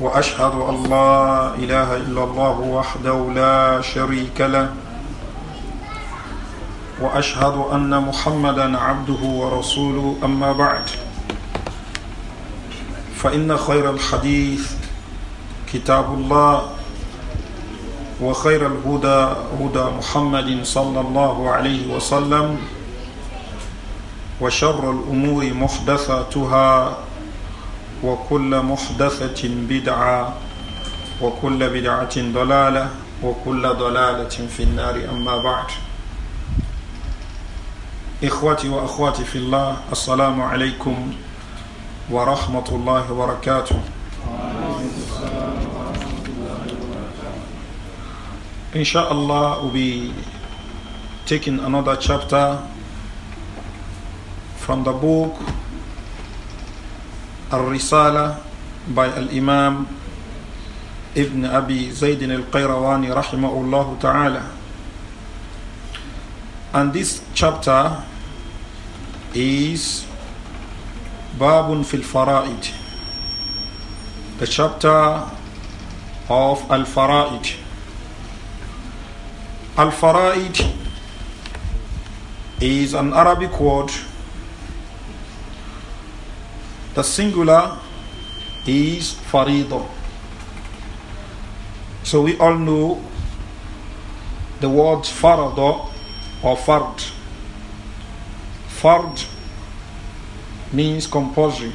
واشهد ان لا اله الا الله وحده لا شريك له واشهد ان محمدا عبده ورسوله اما بعد فان خير الحديث كتاب الله وخير الهدى هدى محمد صلى الله عليه وسلم وشر الامور محدثاتها وكل محدثة بدعة وكل بدعة ضلالة وكل ضلالة في النار أما بعد إخوتي وأخواتي في الله السلام عليكم ورحمة الله وبركاته إن شاء الله we'll be taking another chapter from the book الرسالة by الإمام ابن أبي زيد القيرواني رحمه الله تعالى and this chapter is Babun fil Fara'id the chapter of Al Fara'id Al Fara'id is an Arabic word the singular is farido. So we all know the word farado or fard. Fard means compulsory.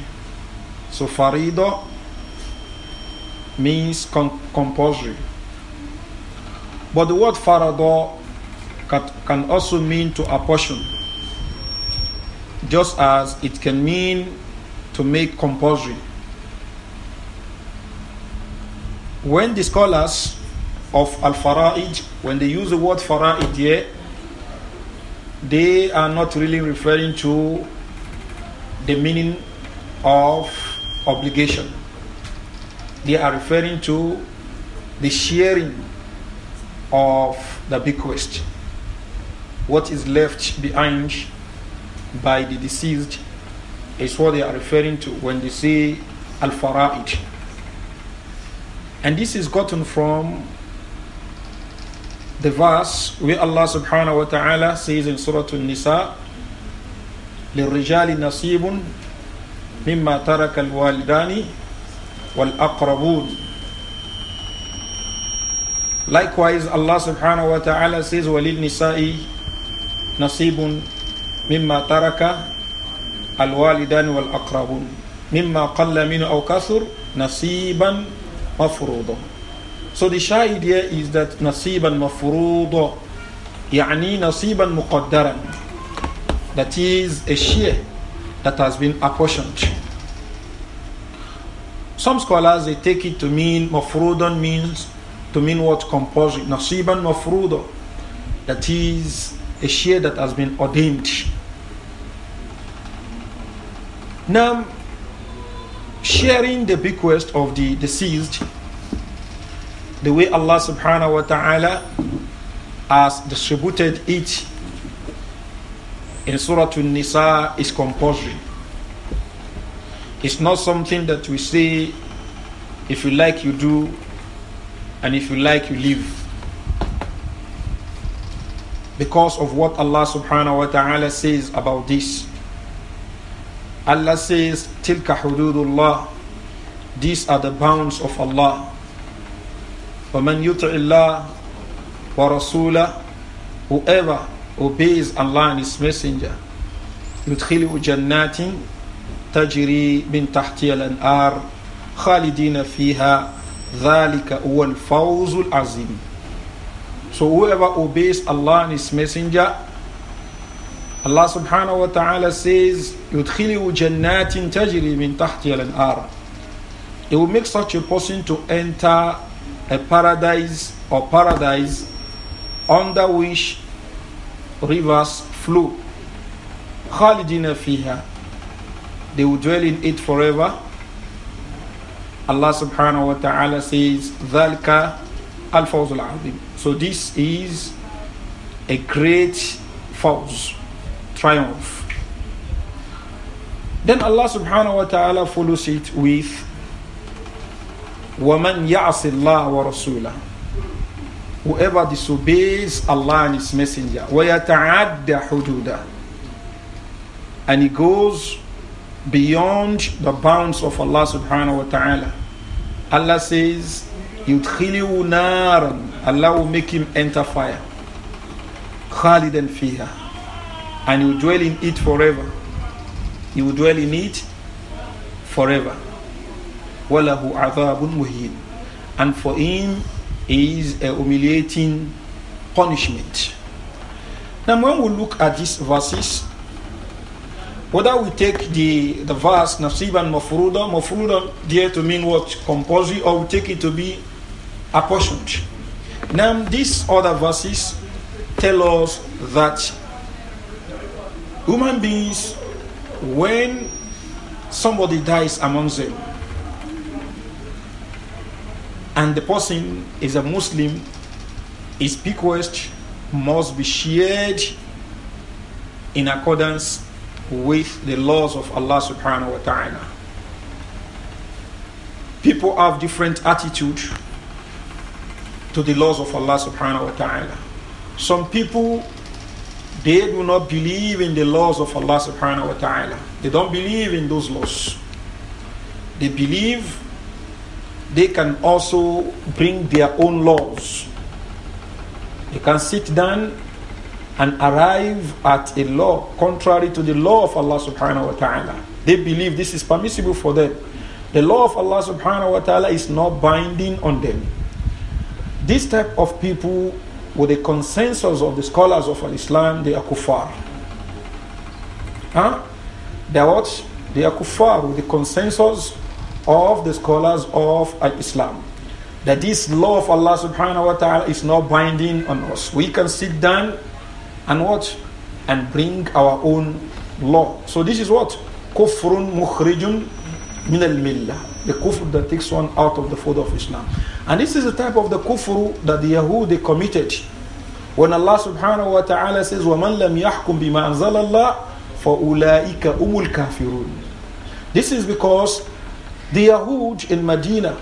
So farido means compulsory. But the word farado can also mean to apportion, just as it can mean to make compulsory. When the scholars of Al Fara'id, when they use the word Fara'id here, they are not really referring to the meaning of obligation. They are referring to the sharing of the bequest, what is left behind by the deceased is what they are referring to when they say al fara'id. And this is gotten from the verse where Allah subhanahu wa ta'ala says in Surah An-Nisa للرجال نصيب مما ترك الوالدان والأقربون Likewise, Allah subhanahu wa ta'ala says, وَلِلْنِسَاءِ نَصِيبٌ مِمَّا تَرَكَ الوالدان والأقربون مما قل منه أو كثر نصيبا مفروضا So the shy idea is that نصيبا مفروضا يعني نصيبا مقدرا That is a share that has been apportioned. Some scholars they take it to mean mafrudan means to mean what compulsory. Nasiban mafruda, that is a share that has been ordained. Now, sharing the bequest of the deceased, the way Allah subhanahu wa ta'ala has distributed it in Surah An-Nisa is compulsory. It's not something that we say, if you like, you do, and if you like, you leave. Because of what Allah subhanahu wa ta'ala says about this. Allah says, Tilka hududullah. These are the bounds of Allah. وَمَنْ يُطِعِ اللَّهِ وَرَسُولَهُ Whoever obeys Allah and His Messenger, يُدْخِلُهُ جَنَّاتٍ تَجْرِي مِنْ تَحْتِهَا الْأَنْهَارُ خَالِدِينَ فِيهَا ذَلِكَ هُوَ الْفَوْزُ الْعَظِيمُ So whoever obeys Allah and His Messenger, Allah subhanahu wa ta'ala says, jannatin tajri min مِنْ تَحْتِهَا It will make such a person to enter a paradise or paradise under which rivers flow. خَالِدِينَ فِيهَا They will dwell in it forever. Allah subhanahu wa ta'ala says, ذَلْكَ al So this is a great force. triumph. Then Allah subhanahu wa ta'ala follows it with وَمَنْ يَعْصِ اللَّهَ وَرَسُولَهُ Whoever disobeys Allah and His Messenger وَيَتَعَدَّ حُدُودَهُ And he goes beyond the bounds of Allah subhanahu wa ta'ala. Allah says, يُدْخِلِهُ نَارًا Allah will make him enter fire. خَالِدًا فِيهَا and you dwell in it forever. You will dwell in it forever. Wallahu عَذَابٌ And for him is a humiliating punishment. Now when we look at these verses, whether we take the, the verse Nasib and Mafruda, Mafruda there to mean what? Compulsory, or we take it to be apportioned. Now these other verses tell us that Human beings, when somebody dies among them, and the person is a Muslim, his bequest must be shared in accordance with the laws of Allah subhanahu wa ta'ala. People have different attitude to the laws of Allah subhanahu wa ta'ala. Some people they do not believe in the laws of Allah subhanahu wa ta'ala. They don't believe in those laws. They believe they can also bring their own laws. They can sit down and arrive at a law contrary to the law of Allah subhanahu wa ta'ala. They believe this is permissible for them. The law of Allah subhanahu wa ta'ala is not binding on them. This type of people with the consensus of the scholars of Islam, they are kuffar. Huh? They are what? They are kuffar with the consensus of the scholars of Islam. That this law of Allah subhanahu wa ta'ala is not binding on us. We can sit down and what? And bring our own law. So this is what? Kufrun mukhrijun min al-millah the kufr that takes one out of the fold of Islam. And this is the type of the kufr that the they committed. When Allah subhanahu wa ta'ala says, وَمَنْ لَمْ يَحْكُمْ بِمَا أَنزَلَ اللَّهِ فَأُولَٰئِكَ أُمُ الْكَافِرُونَ This is because the Yahud in Medina,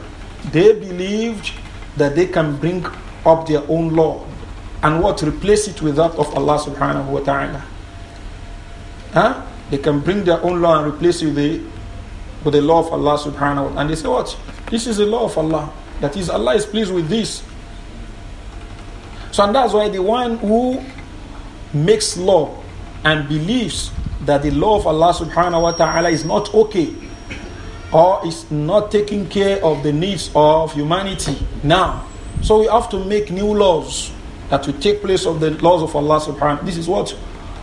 they believed that they can bring up their own law and what replace it with that of Allah subhanahu wa ta'ala. Huh? They can bring their own law and replace it with the with the law of Allah subhanahu wa ta'ala. And they say, What? This is the law of Allah. That is, Allah is pleased with this. So, and that's why the one who makes law and believes that the law of Allah subhanahu wa ta'ala is not okay or is not taking care of the needs of humanity now. So we have to make new laws that will take place of the laws of Allah subhanahu This is what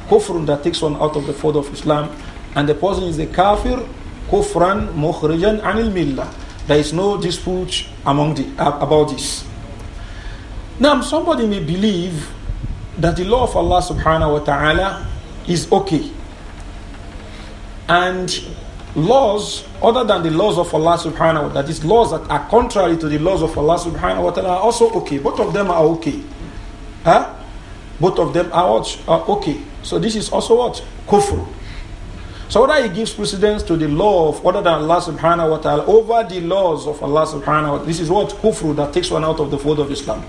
kufrun that takes one out of the fold of Islam and the person is a kafir kufran mukhrijan anil millah. There is no dispute among the, uh, about this. Now, somebody may believe that the law of Allah subhanahu wa ta'ala is okay. And laws other than the laws of Allah subhanahu wa ta'ala, that is, laws that are contrary to the laws of Allah subhanahu wa ta'ala, are also okay. Both of them are okay. Huh? Both of them are, are okay. So this is also what? Kufr. So whether he gives precedence to the law of other than Allah subhanahu wa ta'ala over the laws of Allah subhanahu wa ta'ala, this is what kufru that takes one out of the fold of Islam.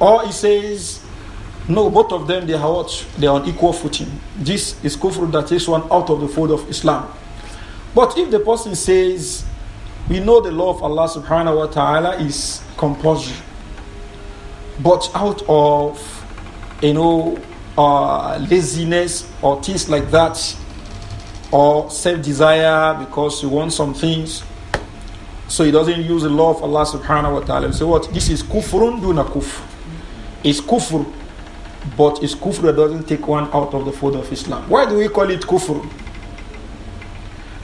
Or he says, no, both of them they are what? They are on equal footing. This is kufru that takes one out of the fold of Islam. But if the person says, we know the law of Allah subhanahu wa ta'ala is compulsory, but out of you know uh, laziness or things like that, or self-desire because you want some things. So he doesn't use the law of Allah subhanahu wa ta'ala. So what? This is kufrun duna kufr. It's kufr, but it's kufr that doesn't take one out of the fold of Islam. Why do we call it kufr?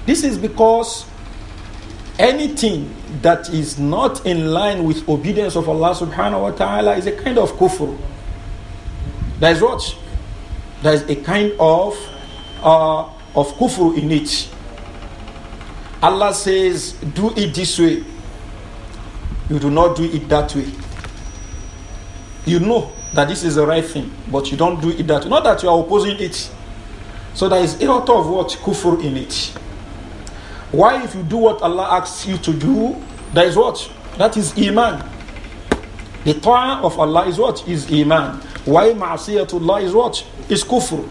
This is because anything that is not in line with obedience of Allah subhanahu wa ta'ala is a kind of kufr. That is what? That is a kind of uh, of kufr in it. Allah says, Do it this way. You do not do it that way. You know that this is the right thing, but you don't do it that way. Not that you are opposing it. So there is a lot of what kufr in it. Why, if you do what Allah asks you to do, that is what? That is Iman. The Torah of Allah is what? Is Iman. Why Ma'asiyatullah is what? Is kufr.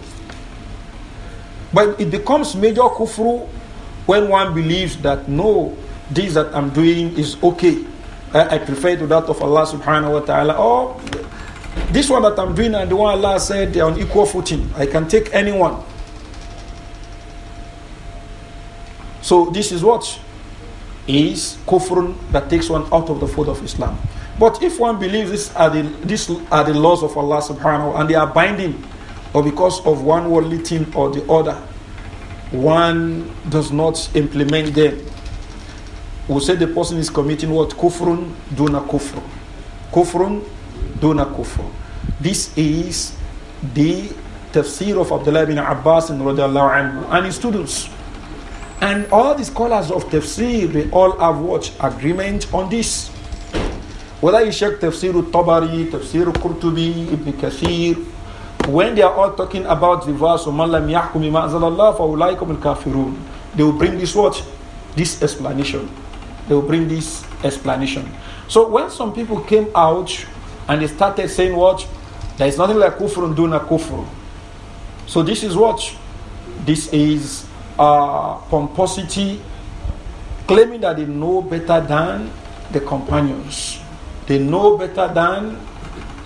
But it becomes major kufru when one believes that no, this that I'm doing is okay. I, I prefer to that of Allah subhanahu wa ta'ala. Or this one that I'm doing and the one Allah said they are on equal footing. I can take anyone. So this is what is kufrun that takes one out of the fold of Islam. But if one believes these are the, this are the laws of Allah subhanahu Wa Taala, and they are binding, or because of one worldly thing or the other, one does not implement them. We we'll say the person is committing what? Kufrun duna kufr. Kufrun duna kufr. This is the tafsir of Abdullah bin Abbas and, anhu, and his students. And all the scholars of tafsir, they all have what? Agreement on this. Whether you check tafsir al-Tabari, tafsir al-Qurtubi, Ibn Kathir, when they are all talking about the verse of man they will bring this what this explanation they will bring this explanation so when some people came out and they started saying what there is nothing like and duna kufr so this is what this is pomposity claiming that they know better than the companions they know better than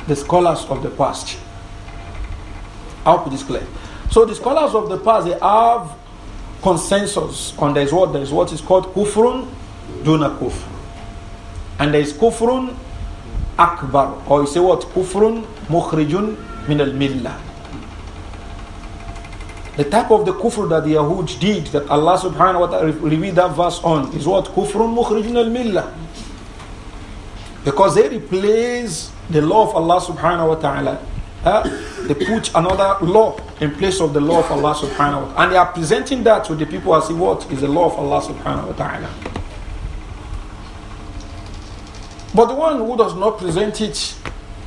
the scholars of the past I hope it is clear. So the scholars of the past they have consensus on there is what there is what is called kufrun duna kufr, and there is kufrun akbar, or you say what kufrun mukhrijun min al millah. The type of the kufr that the Yahud did that Allah subhanahu wa ta'ala revealed that verse on is what kufrun mukhrijun al millah. Because they replace the law of Allah subhanahu wa ta'ala uh, they put another law in place of the law of Allah subhanahu wa ta'ala. And they are presenting that to the people as what is the law of Allah subhanahu wa ta'ala. But the one who does not present it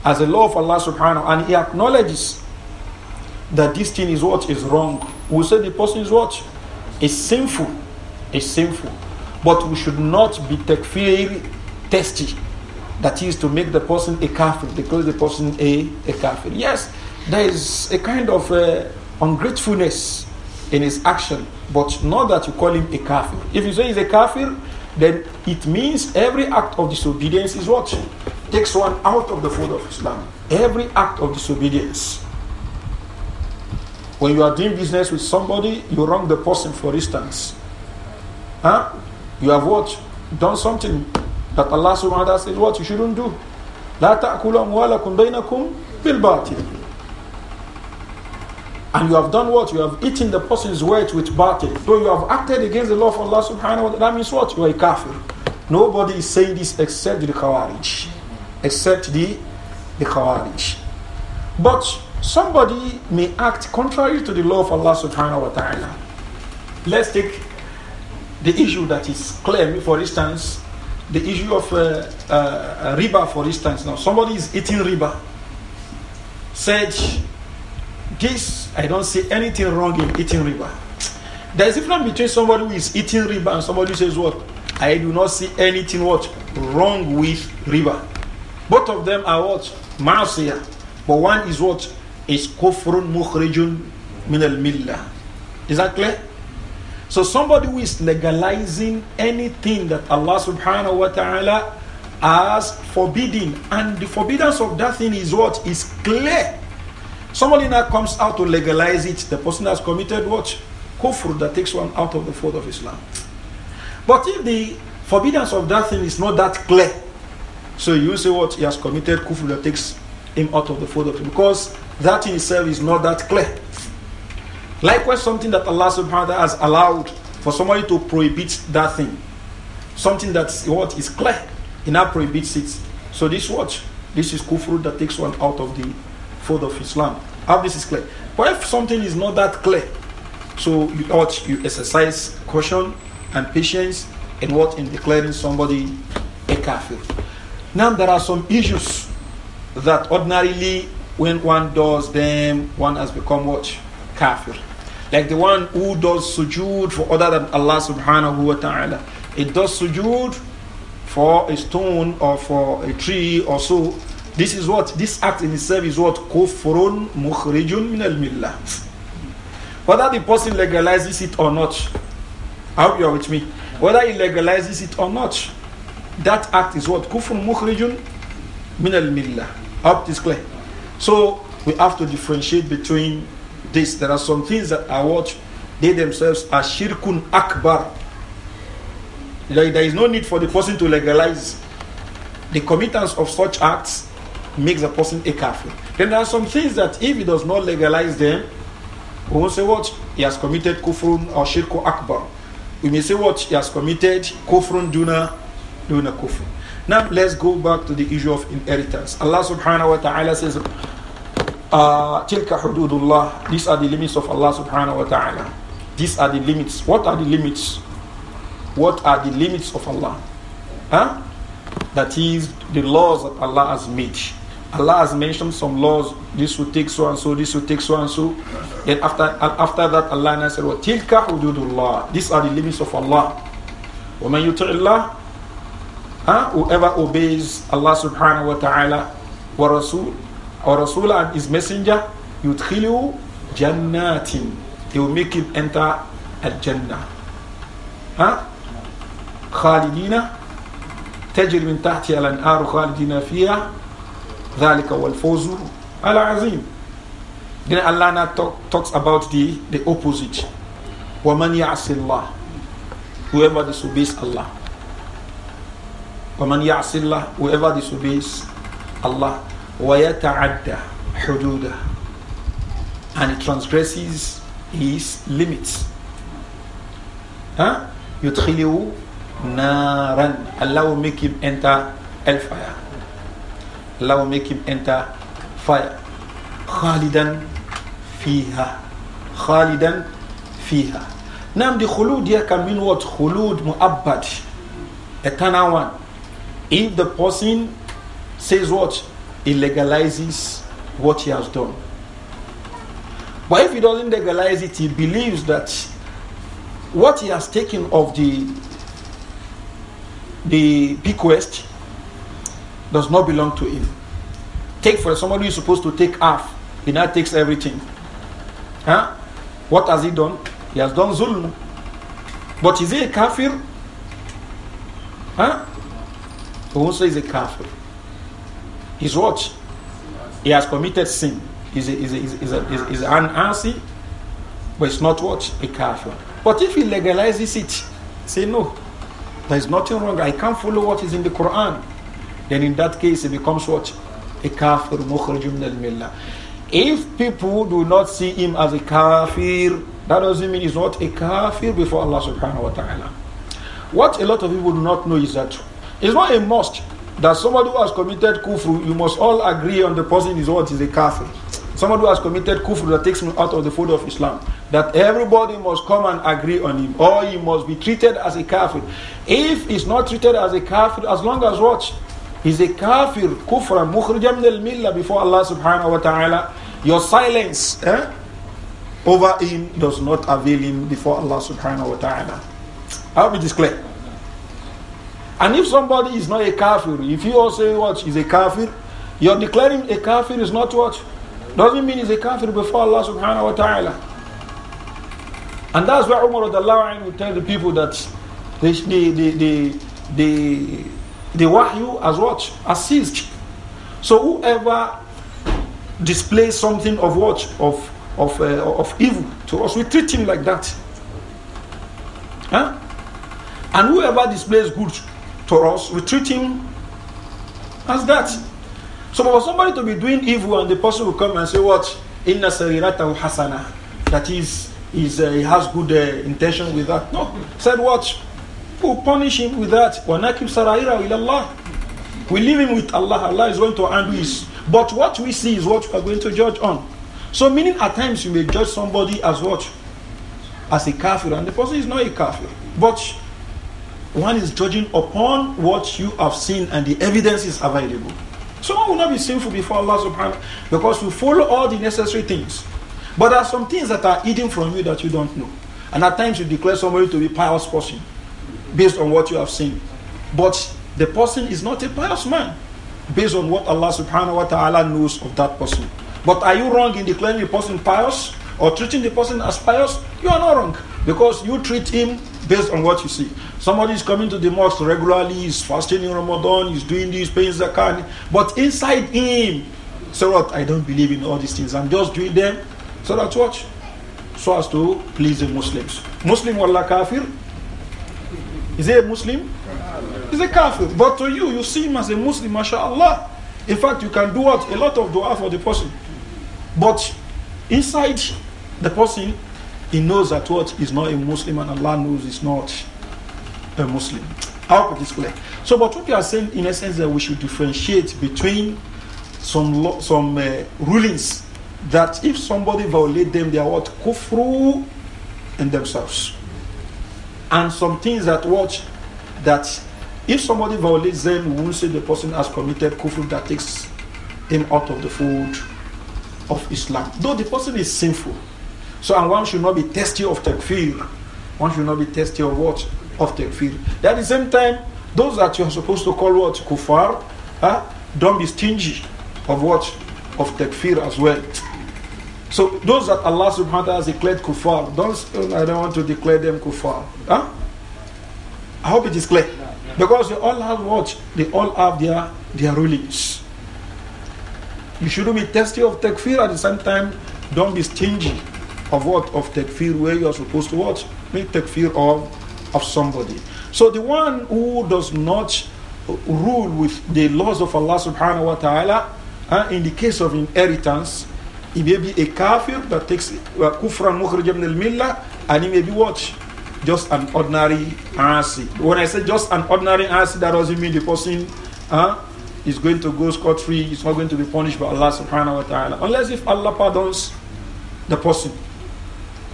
as a law of Allah subhanahu and he acknowledges that this thing is what is wrong, we say the person is what? Is sinful. Is sinful. But we should not be takfiri testy that is to make the person a kafir, call the person a, a kafir. Yes, there is a kind of uh, ungratefulness in his action, but not that you call him a kafir. If you say he's a kafir, then it means every act of disobedience is what takes one out of the fold of Islam. Every act of disobedience. When you are doing business with somebody, you wrong the person, for instance. Huh? You have what? Done something that Allah subhanahu wa ta'ala says what you shouldn't do. لا تأكلوا أموالكم بينكم بالباطل. And you have done what? You have eaten the person's weight with batil. So you have acted against the law of Allah subhanahu wa ta'ala, that means what? You are a kafir. Nobody is saying this except the Khawarij. Except the, the Khawarij. But somebody may act contrary to the law of Allah subhanahu wa ta'ala. Let's take the issue that is claimed, for instance, the issue of uh, uh, uh, riba, for instance. Now, somebody is eating riba. Said, this, I don't see anything wrong in eating riba. There is a difference between somebody who is eating riba and somebody who says, what? I do not see anything what wrong with riba. Both of them are what? masia, But one is what? Is kufrun mukhrijun min al-millah. Is that clear? So somebody who is legalizing anything that Allah subhanahu wa ta'ala has forbidden, and the forbiddance of that thing is what is clear. Somebody now comes out to legalize it, the person has committed what? Kufr that takes one out of the fold of Islam. But if the forbiddance of that thing is not that clear, so you say what? He has committed kufr that takes him out of the fold of Islam. Because that in itself is not that clear. Likewise, something that Allah subhanahu wa ta'ala has allowed for somebody to prohibit that thing. Something that's what is clear, he now prohibits it. So this what? This is kufr that takes one out of the fold of Islam. How this is clear. But if something is not that clear, so you ought you exercise caution and patience in what in declaring somebody a kafir. Now there are some issues that ordinarily when one does them, one has become what? kafir. Like the one who does sujood for other than Allah subhanahu wa ta'ala. It does sujood for a stone or for a tree or so. This is what, this act in itself is what? Kufrun mukhrijun min al-millah. Whether the person legalizes it or not, I hope you are with me. Whether he legalizes it or not, that act is what? Kufrun mukhrijun min al-millah. I hope this clear. So we have to differentiate between this. There are some things that are what they themselves are shirkun akbar. Like there is no need for the person to legalize. The committance of such acts makes a person a kafir. Then there are some things that if he does not legalize them, we will say what? He has committed kufrun or shirku akbar. We may say what? He has committed kufrun duna, duna kufrun. Now let's go back to the issue of inheritance. Allah subhanahu wa ta'ala says, uh, tilka Allah, These are the limits of Allah subhanahu wa ta'ala. These are the limits. What are the limits? What are the limits of Allah? Huh? That is the laws that Allah has made. Allah has mentioned some laws. This will take so and so. This will take so and so. And after after that, Allah said, "Wa tilka Allah, These are the limits of Allah. وَمَنْ يُطِعِ اللَّهِ huh? Whoever obeys Allah subhanahu wa ta'ala wa Rasul or Rasul and his messenger, يُدْخِلُوا جَنَّاتٍ He will make him enter al-Jannah. Huh? خالدين تجري من تحتها الأنهار خالدين فيها ذلك هو الفوز العظيم Then Allah now talk, talks about the, the opposite. وَمَنْ يَعْصِ اللَّهِ Whoever disobeys Allah. وَمَنْ يَعْصِ اللَّهِ Whoever disobeys Allah. وَيَتَعَدَّ حُدُودَهُ And it transgresses his limits. Huh? يُدْخِلِهُ نَارًا Allah will make him enter hellfire. Allah will make him enter fire. خَالِدًا فِيهَا خَالِدًا فِيهَا Now the khulud here can mean what? Khulud mu'abbad. Eternal one. If the person says what? he legalizes what he has done. But if he doesn't legalize it, he believes that what he has taken of the the bequest does not belong to him. Take for somebody who is supposed to take half, he now takes everything. Huh? What has he done? He has done zulm. But is he a kafir? Huh? Who says he's a kafir? is what? He has committed sin. Is is is is an answer, but it's not what a kafir. But if he legalizes it, say no, there is nothing wrong. I can't follow what is in the Quran. Then in that case, it becomes what a kafir If people do not see him as a kafir, that doesn't mean he's not a kafir before Allah subhanahu wa ta'ala. What a lot of people do not know is that it's not a must that somebody who has committed kufru, you must all agree on the person is what is a kafir. Somebody who has committed kufru that takes him out of the fold of Islam. That everybody must come and agree on him, or he must be treated as a kafir. If he's not treated as a kafir, as long as what? He's a kafir, kufra, mukhrijam al millah before Allah subhanahu wa ta'ala. Your silence eh, over him does not avail him before Allah subhanahu wa ta'ala. I will be just clear. And if somebody is not a kafir, if you also what is a kafir, you're declaring a kafir is not what? Doesn't mean he's a kafir before Allah subhanahu wa ta'ala. And that's why Umar would tell the people that the, the, the, the, the wahyu as what? As ceased. So whoever displays something of what? Of, of, uh, of evil to us, we treat him like that. Huh? And whoever displays good to us, we treat him as that. So for somebody to be doing evil and the person will come and say, What? Inna sariratahu hasana. That is, is uh, he has good uh, intention with that. No. Said what? We'll punish him with that. وَنَكِبْ سَرَائِرَهُ إِلَى Allah. We leave him with Allah. Allah is going to handle his. But what we see is what we are going to judge on. So meaning at times you may judge somebody as what? As a kafir. And the person is not a kafir. But one is judging upon what you have seen and the evidence is available. Someone will not be sinful before Allah subhanahu because you follow all the necessary things. But there are some things that are hidden from you that you don't know. And at times you declare somebody to be pious person based on what you have seen. But the person is not a pious man based on what Allah subhanahu wa ta'ala knows of that person. But are you wrong in declaring the person pious or treating the person as pious? You are not wrong because you treat him based on what you see. Somebody is coming to the mosque regularly, He's fasting in Ramadan, He's doing this, paying zakat, but inside him, so what? I don't believe in all these things. I'm just doing them so that what? So as to please the Muslims. Muslim wala kafir? Is he a Muslim? He's a kafir. But to you, you see him as a Muslim, mashallah. In fact, you can do what? A lot of dua for the person. But inside the person, he knows that what is not a Muslim and Allah knows is not a Muslim. How could clear? So, but what you are saying in essence that we should differentiate between some some uh, rulings that if somebody violate them, they are what kufru in themselves, and some things that what that if somebody violates them, we will say the person has committed kufru that takes him out of the fold of Islam, though the person is sinful. So, and one should not be testy of takfir. One should not be testy of what? Of takfir. At the same time, those that you are supposed to call what? Kufar, huh? don't be stingy of what? Of takfir as well. So those that Allah subhanahu wa ta'ala has declared kufar, don't, I don't want to declare them kufar. Huh? I hope it is clear. Because they all have what? They all have their, their rulings. You shouldn't be testy of takfir at the same time. Don't be stingy of what? Of takfir, where you are supposed to watch. Make takfir of, of somebody. So the one who does not rule with the laws of Allah subhanahu wa ta'ala, uh, in the case of inheritance, he may be a kafir that takes uh, kufran mukhrij ibn al-millah, and he may be what? Just an ordinary asi. When I say just an ordinary asi, that doesn't mean the person uh, is going to go scot-free, he's not going to be punished by Allah subhanahu wa ta'ala. Unless if Allah pardons the person.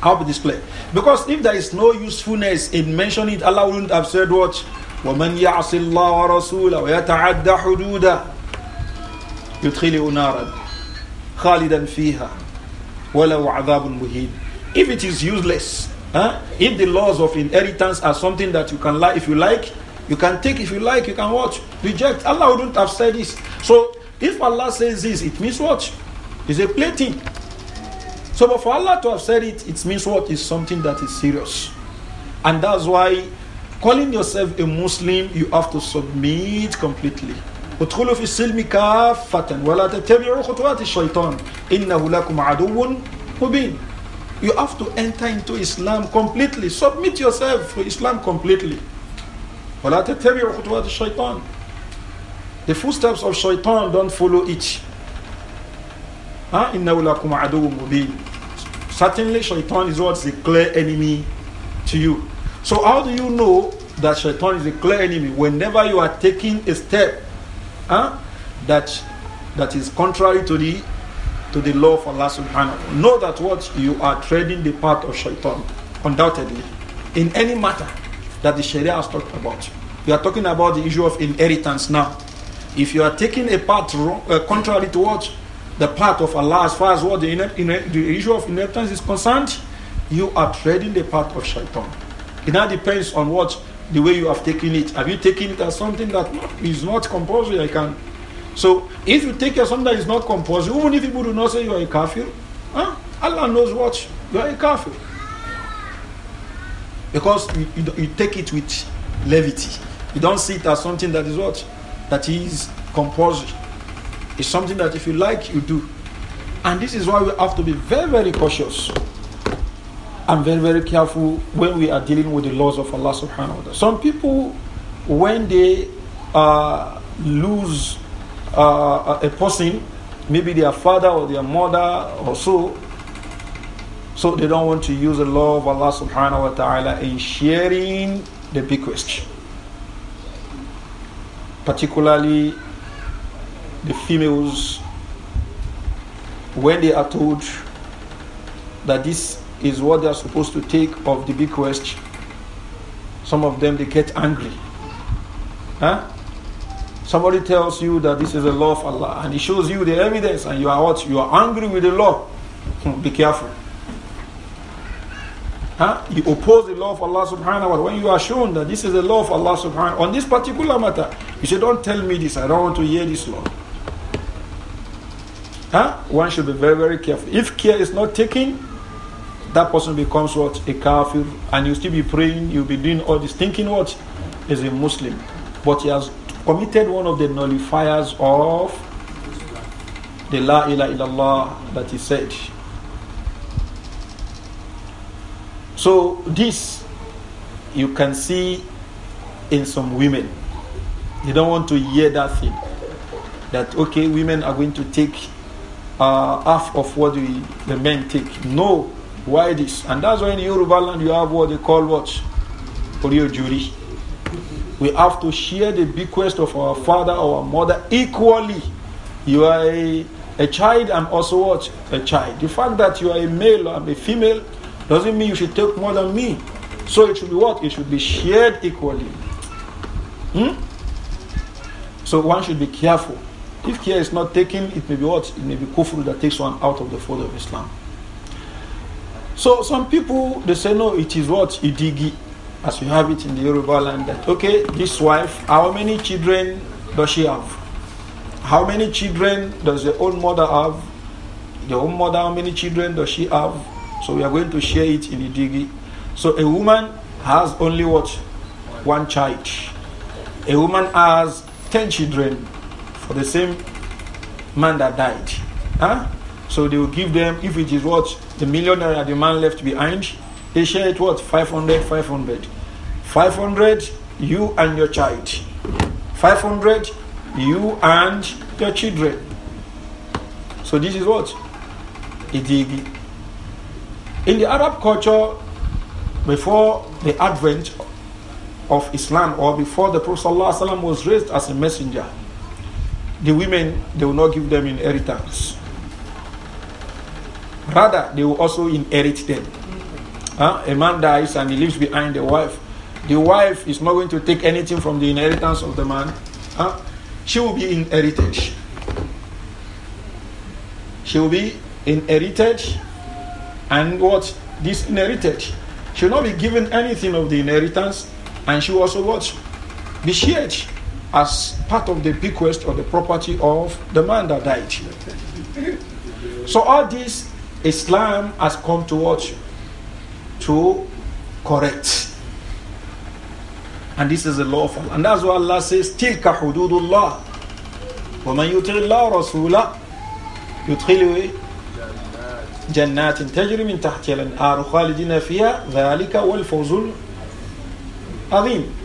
I'll be displayed. Because if there is no usefulness in mentioning it, Allah wouldn't have said what? وَمَنْ يَعْصِ اللَّهَ وَرَسُولَهُ وَيَتَعَدَّ حُدُودَهُ يُدْخِلِهُ نَارًا خَالِدًا فِيهَا وَلَوْ عَذَابٌ مُهِينٌ If it is useless, huh? if the laws of inheritance are something that you can like if you like, you can take if you like, you can watch, reject. Allah wouldn't have said this. So if Allah says this, it means what? It's a plain thing. So, but for Allah to have said it, it means what is something that is serious. And that's why calling yourself a Muslim, you have to submit completely. ادخلوا في السلم كافة ولا تتبعوا خطوات الشيطان إنه لكم عدو مبين You have to enter into Islam completely. Submit yourself to Islam completely. ولا تتبعوا خطوات الشيطان The footsteps of shaitan don't follow it. إنه لكم عدو مبين Certainly, shaitan is what is a clear enemy to you. So, how do you know that shaitan is a clear enemy? Whenever you are taking a step huh, that, that is contrary to the, to the law of Allah subhanahu wa ta'ala, know that what you are treading the path of shaitan, undoubtedly, in any matter that the Sharia has talked about. We are talking about the issue of inheritance now. If you are taking a path wrong, uh, contrary to what the path of Allah as far as what the, the issue of inheritance is concerned, you are treading the path of shaitan. It now depends on what the way you have taken it. Have you taken it as something that is not compulsory? I can. So if you take it as something that is not compulsory, even if people do not say you are a kafir, huh? Allah knows what you are a kafir. Because you, you, you take it with levity. You don't see it as something that is what? That is compulsory. It's something that if you like, you do. And this is why we have to be very, very cautious and very, very careful when we are dealing with the laws of Allah subhanahu wa ta'ala. Some people, when they uh, lose uh, a person, maybe their father or their mother or so, so they don't want to use the law of Allah subhanahu wa ta'ala in sharing the bequest. Particularly the females when they are told that this is what they are supposed to take of the bequest, some of them they get angry. Huh? Somebody tells you that this is the law of Allah and he shows you the evidence and you are what? You are angry with the law. Hmm, be careful. Huh? You oppose the law of Allah subhanahu wa ta'ala. When you are shown that this is the law of Allah subhanahu wa ta'ala on this particular matter, you say, Don't tell me this, I don't want to hear this law. Huh? One should be very, very careful. If care is not taken, that person becomes what? A kafir. And you still be praying, you'll be doing all this, thinking what? Is a Muslim. But he has committed one of the nullifiers of the La ilaha illallah that he said. So this you can see in some women. They don't want to hear that thing. That okay, women are going to take uh, half of what the, the men take. Know why this? And that's why in Yoruba land you have what they call what? Oriyo Juri. We have to share the bequest of our father, our mother equally. You are a, a child, I'm also what? A child. The fact that you are a male, I'm a female, doesn't mean you should take more than me. So it should be what? It should be shared equally. Hmm? So one should be careful if care is not taken, it may be what? It may be kufr that takes one out of the fold of Islam. So some people they say no, it is what idigi, as we have it in the Yoruba land. That okay, this wife, how many children does she have? How many children does the old mother have? The old mother, how many children does she have? So we are going to share it in idigi. So a woman has only what one child. A woman has ten children for the same man that died. Huh? So they will give them, if it is what the millionaire that the man left behind, they share it what? 500, 500. 500, you and your child. 500, you and your children. So this is what? Idigi. In the Arab culture, before the advent of Islam or before the Prophet was raised as a messenger, the women, they will not give them inheritance. Rather, they will also inherit them. Huh? A man dies and he leaves behind a wife. The wife is not going to take anything from the inheritance of the man. Huh? She will be in heritage. She will be in heritage, and what? this inheritance She will not be given anything of the inheritance and she will also what? Be shared as part of the bequest or the property of the man that died. so all this Islam has come towards watch to correct. And this is the law And that's why Allah says, تِلْكَ حُدُودُ اللَّهِ وَمَنْ يُطِعِ اللَّهَ رَسُولَهُ يُدْخِلُهُ جنات تجري من تحتها الأنهار خالدين فيها ذلك والفوز العظيم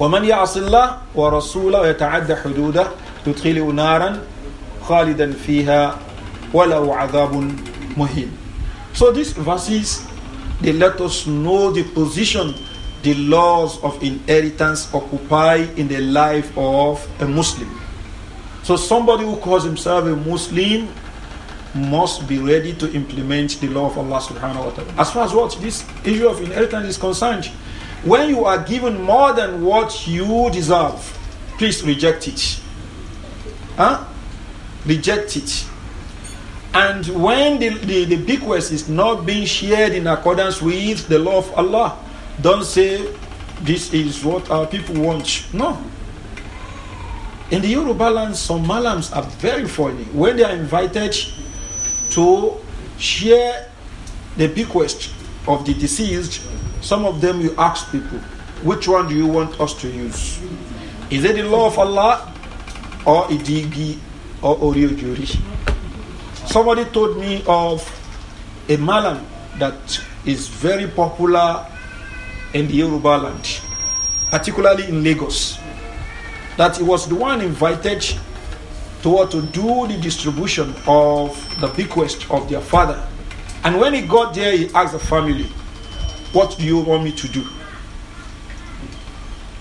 ومن يعص الله ورسوله ويتعدى حدوده نارا خالدا فيها ولو عذاب مهين So these verses they let us know the position the laws of inheritance occupy in the life of a Muslim. So somebody who calls himself a Muslim must be ready to implement the law of Allah subhanahu wa ta'ala. As far as what this issue of inheritance is concerned, when you are given more than what you deserve, please reject it. Huh? Reject it. And when the, the, the bequest is not being shared in accordance with the law of Allah, don't say this is what our people want. No. In the Yoruba land, some Malams are very funny. When they are invited to share the bequest of the deceased, some of them you ask people, which one do you want us to use? Is it the law of Allah or Idigi or Oreo Jury? Somebody told me of a malam that is very popular in the Yoruba land, particularly in Lagos. That he was the one invited to, to do the distribution of the bequest of their father. And when he got there, he asked the family, what do you want me to do?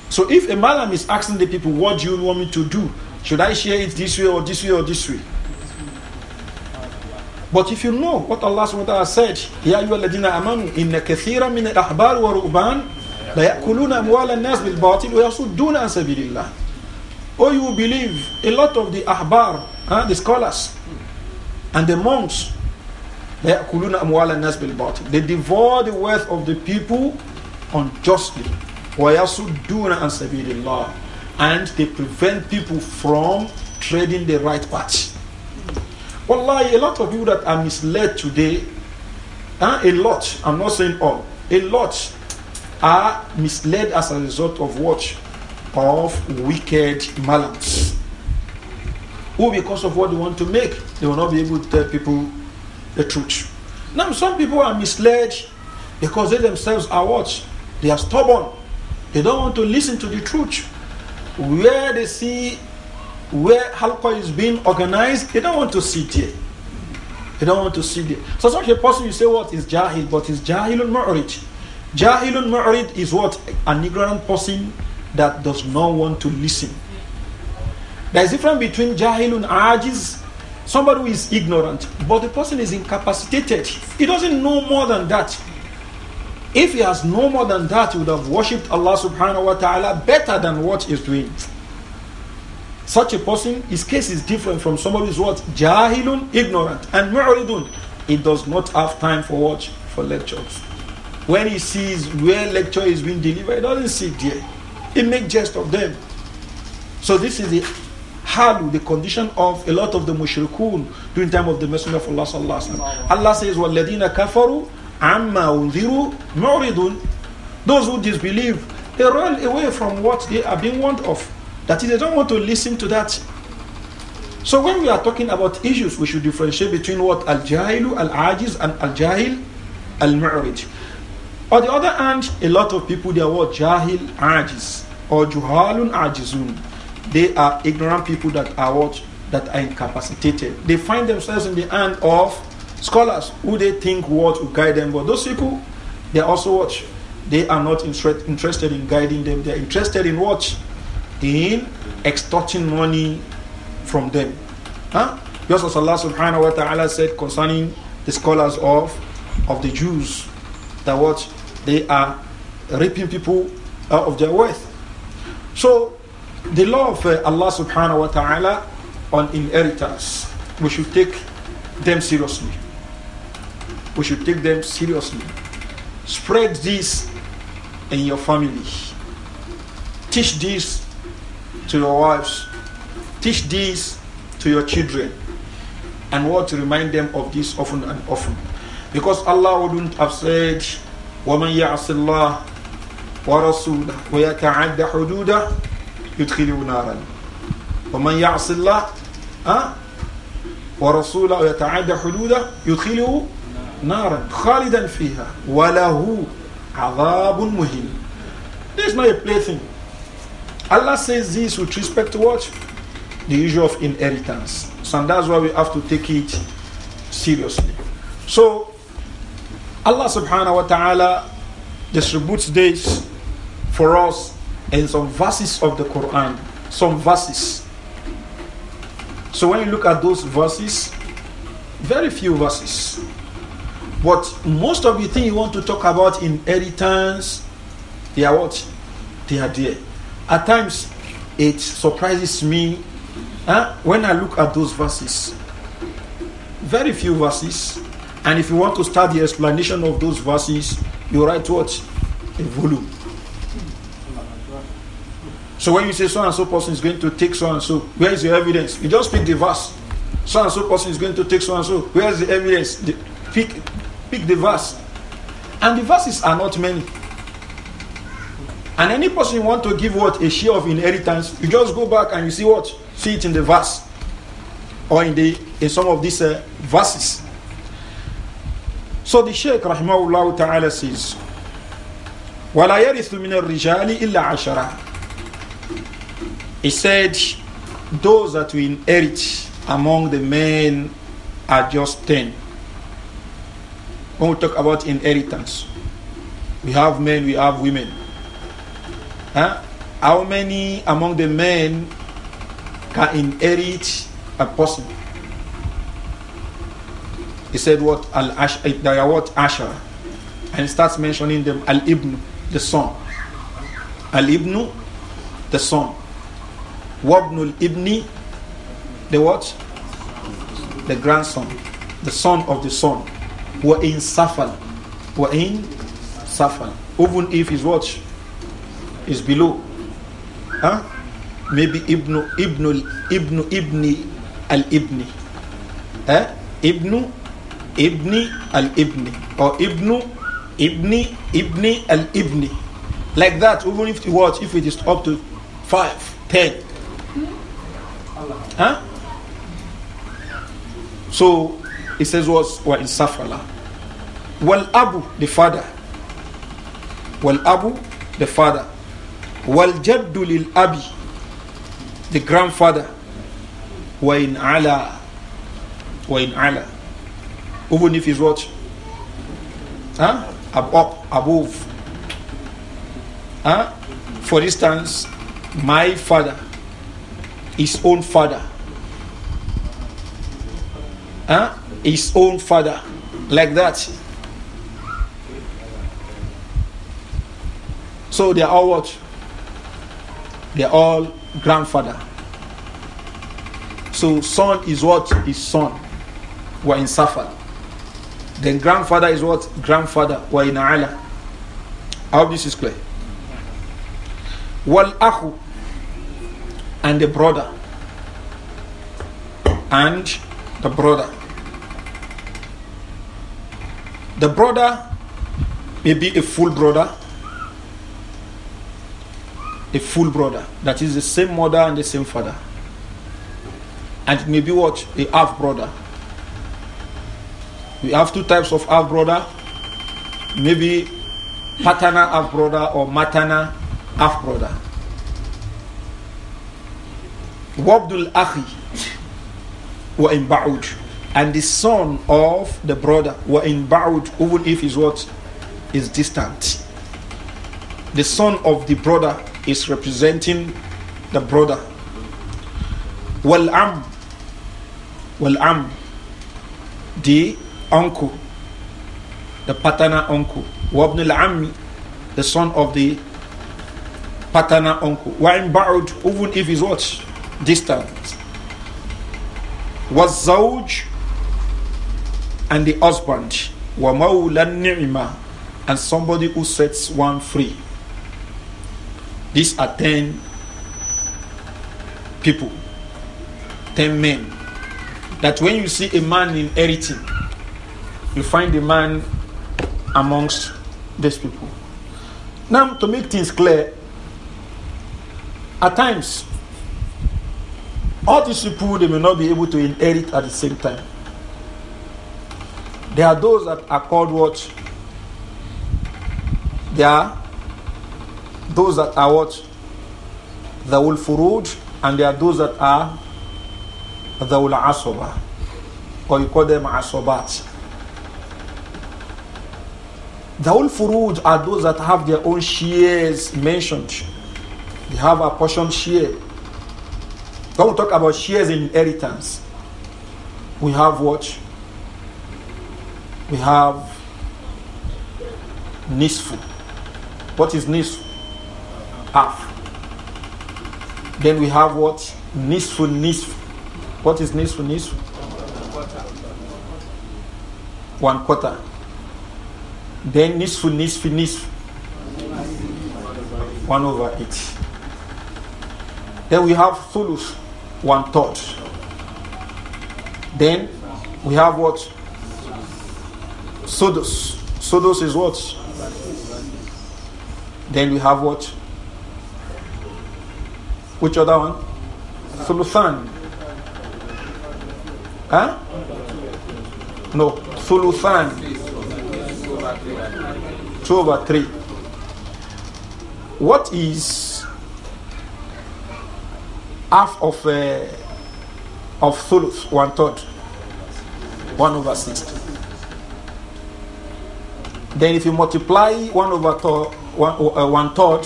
So if a madam is asking the people, What do you want me to do? Should I share it this way or this way or this way? But if you know what Allah subhanahu wa ta'ala said, Ya ayyuhalladhina amanu inna kathira min al-ahbar wa ru'ban la ya'kuluna amwal an-nas bil batil wa sabilillah. Oh you believe a lot of the ahbar, huh, the scholars and the monks they devour the wealth of the people unjustly. وَيَصُدُّونَ عَنْ سَبِيلِ اللَّهِ And they prevent people from trading the right path. Wallahi, a lot of you that are misled today, huh, a lot, I'm not saying all, a lot are misled as a result of what? Of wicked malice. Who, because of what they want to make, they will not be able to tell people the truth. Now, some people are misled because they themselves are what? They are stubborn. They don't want to listen to the truth. Where they see where halqa is being organized, they don't want to sit there. They don't want to sit there. So such a person, you say what is jahil, but is jahilun mu'rid. Jahilun mu'rid is what? An ignorant person that does not want to listen. There is a difference between jahilun ajiz somebody who is ignorant, but the person is incapacitated. He doesn't know more than that. If he has no more than that, he would have worshipped Allah subhanahu wa ta'ala better than what he's doing. Such a person, his case is different from somebody who's what? Jahilun, ignorant, and mu'ridun. He does not have time for what? For lectures. When he sees where lecture is being delivered, he doesn't sit there. He makes jest of them. So this is the halu, the condition of a lot of the mushrikun during time of the Messenger of Allah sallallahu alaihi wasallam. Allah says, وَالَّذِينَ كَفَرُوا عَمَّا أُنذِرُوا مُعْرِضُونَ Those who disbelieve, they run away from what they are being warned of. That is, they don't want to listen to that. So when we are talking about issues, we should differentiate between what al-jahilu, al-ajiz, and al-jahil, al-mu'rid. On the other hand, a lot of people, they are what jahil, ajiz, or juhalun, ajizun they are ignorant people that are what that are incapacitated. They find themselves in the hand of scholars who they think what will guide them. But those people, they are also what they are not interested in guiding them. They are interested in what in extorting money from them. Huh? Just as Allah Subhanahu wa Taala said concerning the scholars of of the Jews that what they are ripping people out of their wealth. So the law of uh, Allah subhanahu wa ta'ala on inheritance, we should take them seriously. We should take them seriously. Spread this in your family. Teach this to your wives. Teach this to your children. And what to remind them of this often and often. Because Allah wouldn't have said, وَمَنْ يَعْصِ اللَّهِ وَرَسُولَهُ وَيَتَعَدَّ حُدُودَهُ يدخله نارا ومن يعص الله أه؟ ورسوله ويتعدى حدوده يدخله نارا خالدا فيها وله عذاب مهين This is not a plaything. Allah says this with respect to what? The issue of inheritance. So that's why we have to take it seriously. So Allah subhanahu wa ta'ala distributes this for us and some verses of the Quran. Some verses. So when you look at those verses, very few verses. But most of the thing you want to talk about in inheritance, they are what? They are there. At times, it surprises me huh, when I look at those verses. Very few verses. And if you want to start the explanation of those verses, you write what? A volume. So when you say so and so person is going to take so and so, where is the evidence? You just pick the verse. So and so person is going to take so and so. Where is the evidence? The, pick, pick the verse. And the verses are not many. And any person you want to give what a share of inheritance, you just go back and you see what see it in the verse, or in the in some of these uh, verses. So the Shaykh rahimahullah ta'ala says, وَلَا يَرِثُ مِنَ الرِّجَالِ إِلَّا عَشَرًا he said, Those that we inherit among the men are just 10. When we talk about inheritance, we have men, we have women. Huh? How many among the men can inherit a person? He said, What? Al Ash, they are what? Asher. And starts mentioning them Al Ibn, the son. Al Ibn, the son. Wabnul Ibni, the what? The grandson, the son of the son. Were in Safal. Were in Safal. Even if his watch is below. Huh? Maybe Ibnu Ibnu Ibnu Ibni al Ibni. Eh? Ibnu Ibni al Ibni. Or Ibnu Ibni Ibni al Ibni. Like that, even if the watch, if it is up to five, ten, Huh? So he says was wa Safala. Well abu the father. Well abu the father. Well jaddu abi the grandfather. Wa in ala. Wa in ala. Even if he's what? Huh? up above. Huh? For instance, my father his own father. Huh? His own father. Like that. So they are all what? They are all grandfather. So son is what? His son. We're in Safar. Then grandfather is what? Grandfather. We're in Ala. I hope this is clear. Wal akhu and the brother. And the brother. The brother may be a full brother. A full brother. That is the same mother and the same father. And it may be what? A half brother. We have two types of half brother. Maybe paternal half brother or maternal half brother. Wabdul Akhi wa in Ba'ud. And the son of the brother wa in Ba'ud, even if his what is distant. The son of the brother is representing the brother. Wal Am. Wal Am. The uncle. The paternal uncle. Wabnul Ammi. The son of the paternal uncle. Wa in Ba'ud, even if his what? distance. Was zawj and the husband wa ni'ma and somebody who sets one free. These are ten people, ten men. That when you see a man in inheriting, you find a man amongst these people. Now, to make things clear, at times all these people they may not be able to inherit at the same time. There are those that are called what? There are those that are what? The ul furuj and there are those that are the ul asoba or you call them asobat. The ul furuj are those that have their own shares mentioned. They have a portion share when we talk about shares in inheritance, we have what? We have nisfu. What is nisfu? Half. Then we have what? Nisfu nisfu. What is nisfu nisfu? One quarter. Then nisfu nisfu nisfu. One over eight. Then we have fullus one third. Then we have what? Sodos. Sodos is what? Then we have what? Which other one? Thuluthan. Huh? No, Thuluthan. Two over three. What is half of uh, of thuluth, one third, one over sixty. Then if you multiply one over th one, uh, uh, one third,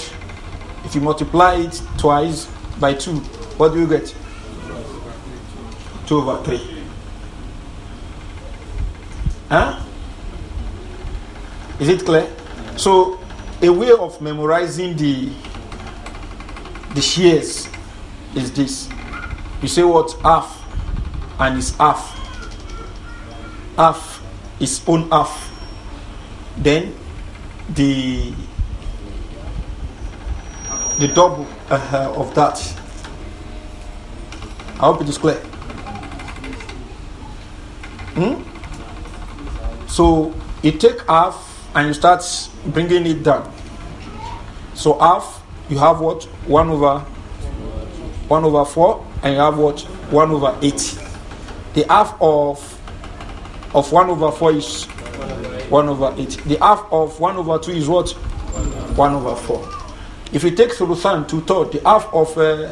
if you multiply it twice by two, what do you get? Two over three. Huh? Is it clear? So a way of memorizing the the shares is this. You say what? Half and it's half. Half is own half. Then the the double uh, of that. I hope it is clear. Hmm? So you take half and you start bringing it down. So half, you have what? 1 over 1 over 4, and you have what? 1 over 8. The half of of 1 over 4 is 1 over 8. The half of 1 over 2 is what? 1 over 4. If you take Thulusan, 2 third, the half of uh,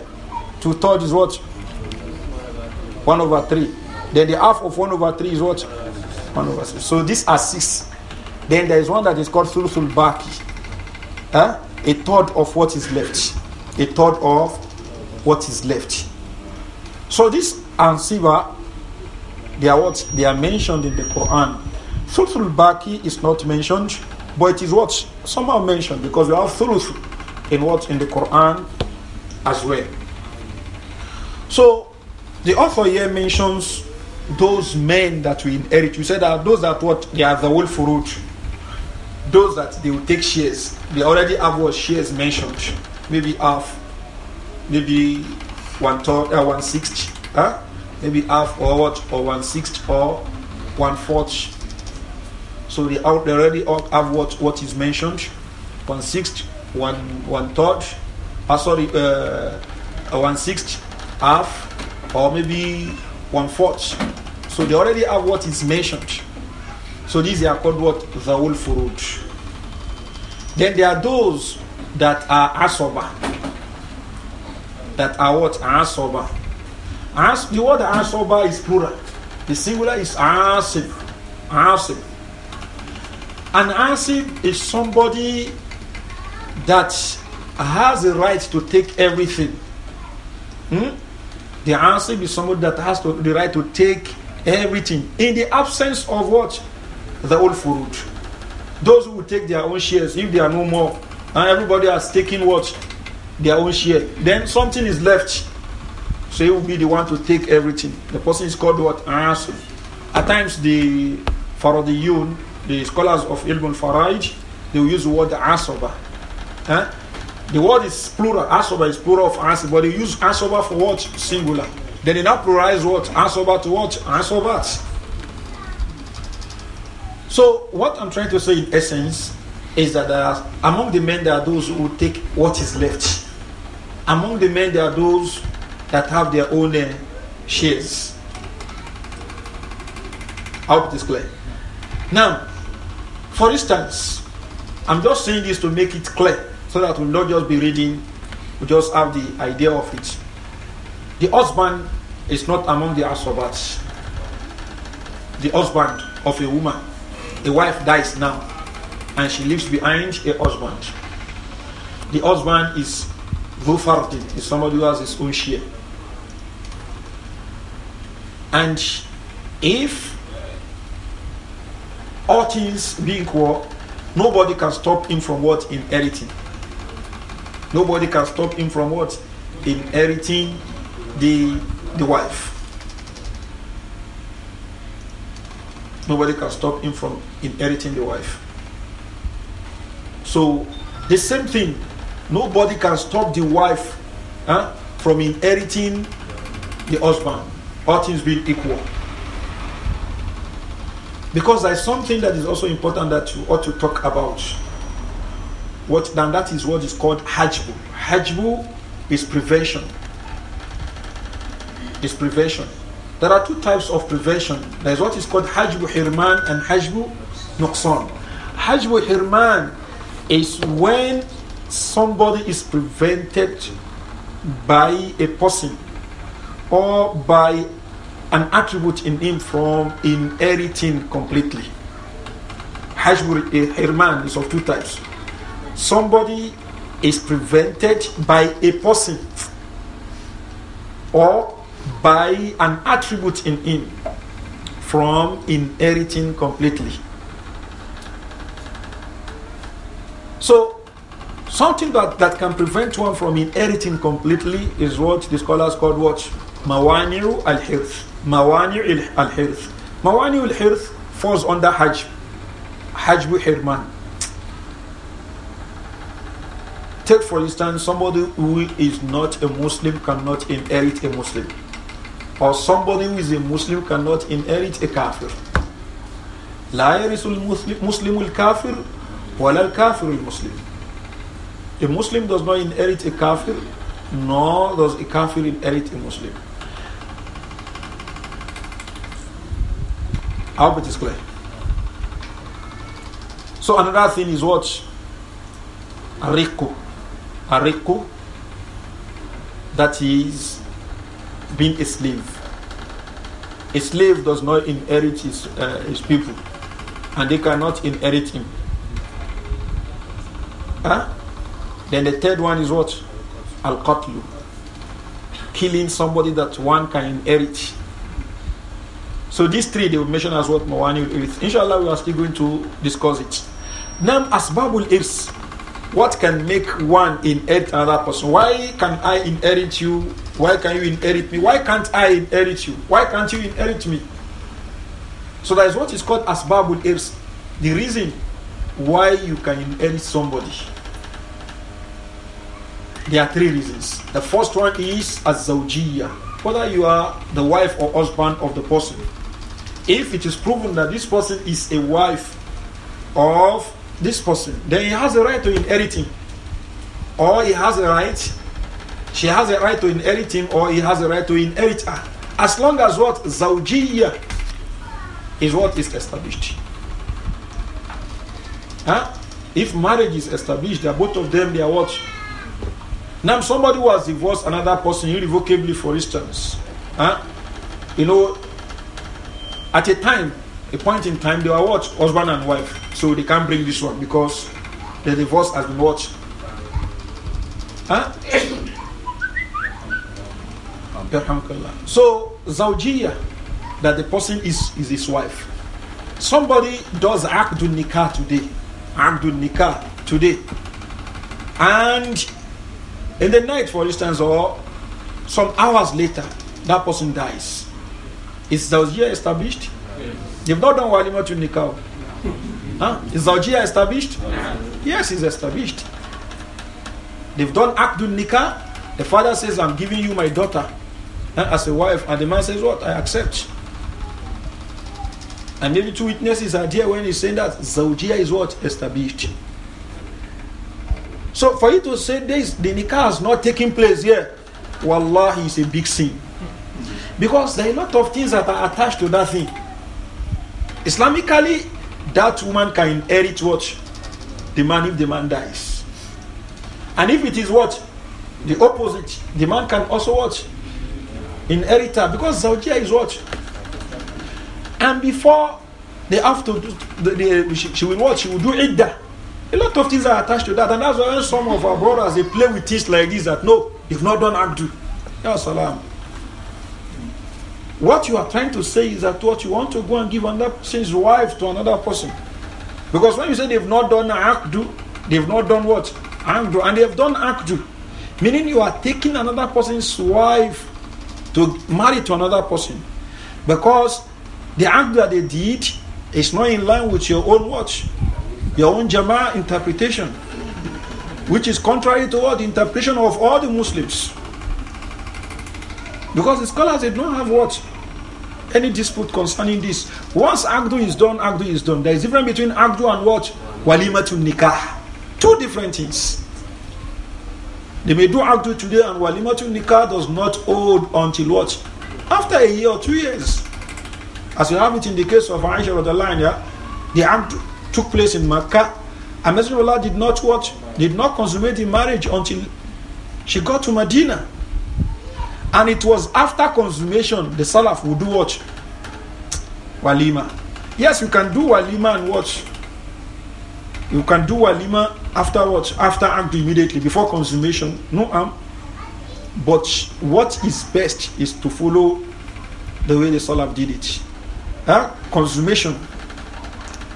2 third is what? 1 over 3. Then the half of 1 over 3 is what? 1 over 6. So these are 6. Then there is one that is called Thulusul Baki. Huh? A third of what is left. A third of what is left. So this and Siva, they are what they are mentioned in the Quran. Thuluthul Baki is not mentioned, but it is what some mentioned because we have Thuluth in what in the Quran as well. So the author here mentions those men that we inherit. We said that those that what they are the wolf root. Those that they will take shares. They already have what shares mentioned. Maybe half maybe one third, uh, one sixth, huh? maybe half or what, or one sixth or one fourth. So they already have what what is mentioned, one sixth, one one third, ah, uh, sorry, uh, one sixth, half, or maybe one fourth. So they already have what is mentioned. So these are called what the whole fruit. Then there are those that are asaba that are what? Asoba. As, the word asoba is plural. The singular is asif. Asif. An asif is somebody that has the right to take everything. Hmm? The asif is somebody that has to, the right to take everything in the absence of what? The old furud. Those who will take their own shares if there are no more. And everybody has taken what? their own share. Then something is left. So he will be the one to take everything. The person is called what? Answer. At times the Faradiyun, the scholars of Ibn faraj they will use the word Asoba. Huh? The word is plural. Asoba is plural of Asoba. But they use Asoba for what? Singular. Then they now pluralize what? Asoba to what? Asobat. So what I'm trying to say in essence is that are, among the men there are those who take what is left among the men, there are those that have their own uh, shares. I hope it is clear. Now, for instance, I'm just saying this to make it clear so that we'll not just be reading, we just have the idea of it. The husband is not among the asobats. The husband of a woman, a wife dies now, and she leaves behind a husband. The husband is Dhufardid is somebody who has his own share. And if all things be equal, nobody can stop him from what? Inheriting. Nobody can stop him from what? Inheriting the, the wife. Nobody can stop him from inheriting the wife. So the same thing Nobody can stop the wife huh, from inheriting the husband, all things being equal. Because there's something that is also important that you ought to talk about. What then that is what is called hajbu. Hajbu is prevention. Is prevention. There are two types of prevention. There's what is called hajbu hirman and hajbu nuqsan. Hajbu hirman is when somebody is prevented by a person or by an attribute in him from inheriting completely. Hajbur Herman is of two types. Somebody is prevented by a person or by an attribute in him from inheriting completely. So Something that, that can prevent one from inheriting completely is what the scholars call what? Mawaniru al-Hirth. Mawaniru al-Hirth. Mawaniru al-Hirth falls under Hajj. Hajbu Hirman. Take for instance somebody who is not a Muslim cannot inherit a Muslim. Or somebody who is a Muslim cannot inherit a kafir. لا يرث المسلم الكافر ولا الكافر المسلم a Muslim does not inherit a kafir, nor does a kafir inherit a Muslim. I hope it is clear. So another thing is what? Ariku. Ariku. That is being a slave. A slave does not inherit his, uh, his people, and they cannot inherit him. Huh? Then the third one is what? Al Qatlu. Killing somebody that one can inherit. So these three they will mention as what Mawani inherit. Inshallah, we are still going to discuss it. Nam Asbabul Irs. What can make one inherit another person? Why can I inherit you? Why can you inherit me? Why can't I inherit you? Why can't you inherit me? So that is what is called Asbabul Irs. The reason why you can inherit somebody. There are three reasons. The first one is azawjiyah, whether you are the wife or husband of the person. If it is proven that this person is a wife of this person, then he has a right to inherit him. Or he has a right, she has a right to inherit him, or he has a right to inherit her. As long as what? Zawjiyah is what is established. Huh? If marriage is established, they both of them, they are what? Now, somebody who has divorced another person irrevocably, for instance, huh? you know, at a time, a point in time, they were what? Husband and wife. So they can't bring this one because the divorce has been what? Huh? so, Zawjiya, that the person is, is his wife. Somebody does Akdun Nikah today. Akdun Nikah today. And in the night, for instance, or some hours later, that person dies. Is Zawjiyah established? Yes. They've not done walima to nikah. Huh? Is Zawjiyah established? Yes. it's established. They've done Akdun Nikah. The father says, I'm giving you my daughter huh, as a wife. And the man says, What? I accept. And maybe two witnesses are there when he's saying that Zawjiyah is what? Established. So for you to say this, the nikah has not taken place yet, wallahi is a big sin. Because there are a lot of things that are attached to that thing. Islamically, that woman can inherit what? The man if the man dies. And if it is what? The opposite, the man can also what? Inherit her. Because Zawjia is what? And before they have to do, the, she, she will what? She will do iddah. A lot of things are attached to that, and that's why some of our brothers they play with things like this that no, they've not done abdu. Ya salam. What you are trying to say is that what you want to go and give another person's wife to another person. Because when you say they've not done akdu, they've not done what? Akdu. And they've done akdu. Meaning you are taking another person's wife to marry to another person. Because the act that they did is not in line with your own watch your own Jama'ah interpretation, which is contrary to what? The interpretation of all the Muslims. Because the scholars, they don't have what? Any dispute concerning this. Once Agdu is done, Agdu is done. There is difference between Agdu and what? Walima to Nikah. Two different things. They may do Agdu today and Walima to Nikah does not hold until what? After a year or two years. As you have it in the case of Aisha Radhalan, yeah? the Agdu took place in Makkah, and Messenger did not watch, Did not consummate the marriage until she got to Medina. And it was after consummation the Salaf would do watch Walima. Yes, you can do Walima and watch. You can do Walima after watch, after act immediately, before consummation. No harm. but what is best is to follow the way the Salaf did it. Huh? Consummation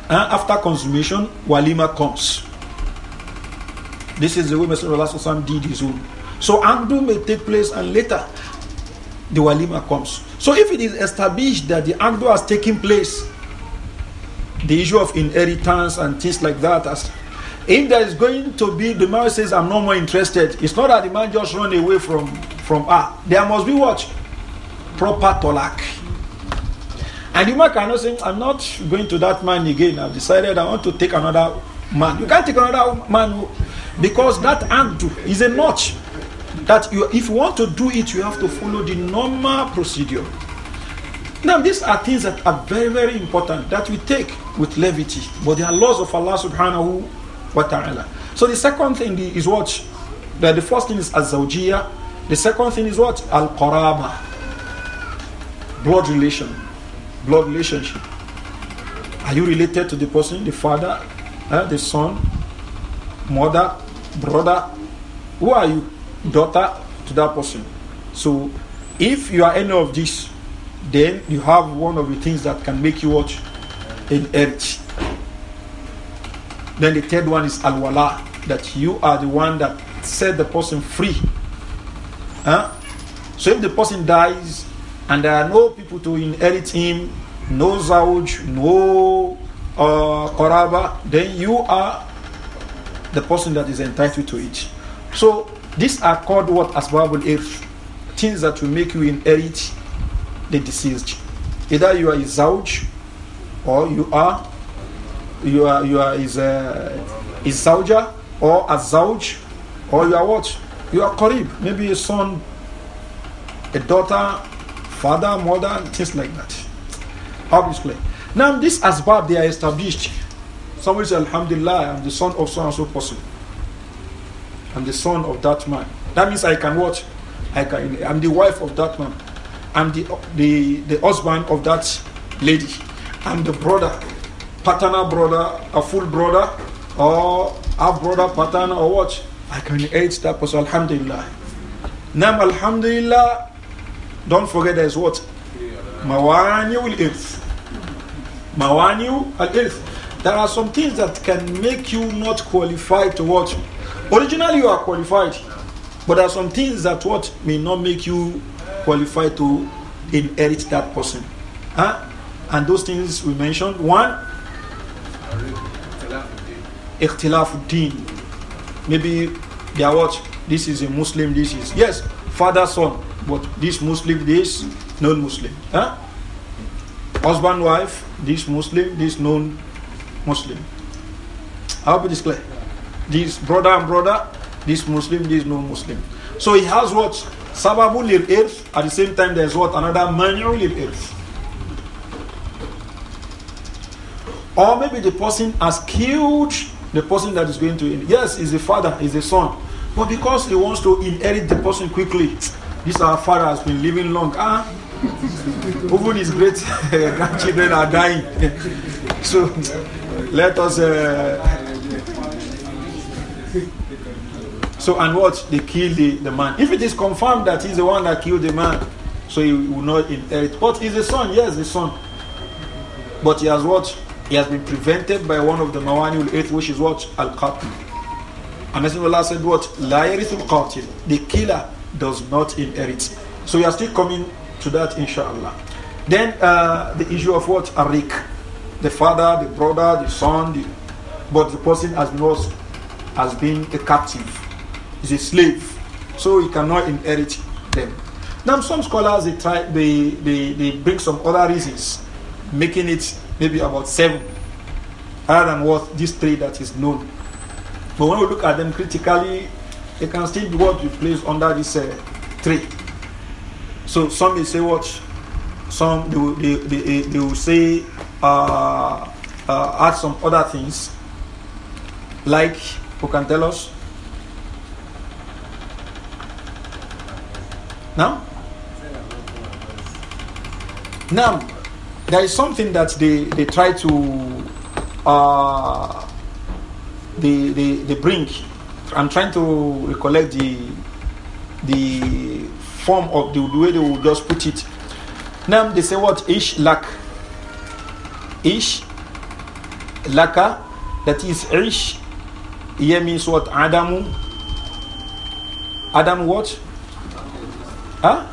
and after consummation, walima comes. This is the way Messenger of Allah did his own. So Andu may take place and later the walima comes. So if it is established that the Andu has taken place, the issue of inheritance and things like that if there is going to be the man says i'm no more interested it's not that the man just run away from from her there must be what proper talak and the woman cannot say, I'm not going to that man again. I've decided I want to take another man. You can't take another man oh, because that handle is a notch. That you, if you want to do it, you have to follow the normal procedure. Now, these are things that are very, very important that we take with levity, but they are laws of Allah subhanahu wa ta'ala. So, the second thing is what? the first thing is azawjiyah, the second thing is what? Al qaraba, blood relation blood relationship. Are you related to the person, the father, eh, the son, mother, brother? Who are you? Daughter to that person. So if you are any of these, then you have one of the things that can make you watch inherit. Then the third one is alwala, that you are the one that set the person free. Huh? Eh? So if the person dies and there are no people to inherit him, no zawj, no uh, then you are the person that is entitled to it. So these are called what asbabul if things that will make you inherit the deceased. Either you are a zawj, or you are you are you are is uh, his zawja, or a zawj, or you are what? You are qarib, maybe a son, a daughter, father, mother, things like that. Obviously. Now, this asbab, they are established. Somebody says, Alhamdulillah, I'm the son of so and so person. I'm the son of that man. That means I can what? I can, I'm the wife of that man. I'm the, the, the husband of that lady. I'm the brother, paternal brother, a full brother, or half brother, paternal, or what? I can aid that person, Alhamdulillah. Now, Alhamdulillah, don't forget there is what? will ilf. Mawaniul al ilf. There are some things that can make you not qualified to watch. Originally you are qualified, but there are some things that what may not make you qualified to inherit that person. Huh? And those things we mentioned. One, ikhtilafuddin. Maybe they are what? This is a Muslim, this is. Yes, father, son what this Muslim, this non-Muslim. Huh? Husband, wife, this Muslim, this non-Muslim. I hope it is clear. This brother and brother, this Muslim, this non-Muslim. So he has what? Sababu lil earth. At the same time, there's what? Another manual lil earth. Or maybe the person has killed the person that is going to inherit. Yes, is the father, is the son. But because he wants to inherit the person quickly, this our father has been living long. Ah, even his great eh, grandchildren are dying. so let us. Uh, so and what they kill the, the man. If it is confirmed that he's the one that killed the man, so he will not inherit. But he's the son. Yes, the son. But he has what? He has been prevented by one of the Mawani Eight, which is what? Al Qatil. And as Allah said, What? La yarithul qatil. The killer does not inherit. So we are still coming to that, inshallah. Then uh, the issue of what? Arik. The father, the brother, the son, the, but the person has not has been a captive, is a slave, so he cannot inherit them. Now some scholars they try they, they, they bring some other reasons, making it maybe about seven, other than what these three that is known. But when we look at them critically, you can still do what you place under this uh, tree. So some may say what, some they will, they, they, they will say uh, uh, add some other things, like who can tell us? Now, now there is something that they they try to uh, they, they they bring I'm trying to recollect the the form of the, the way they would just put it. Now they say what ish lak, ish laka, that is ish. Here means what Adamu. Adam what? Huh?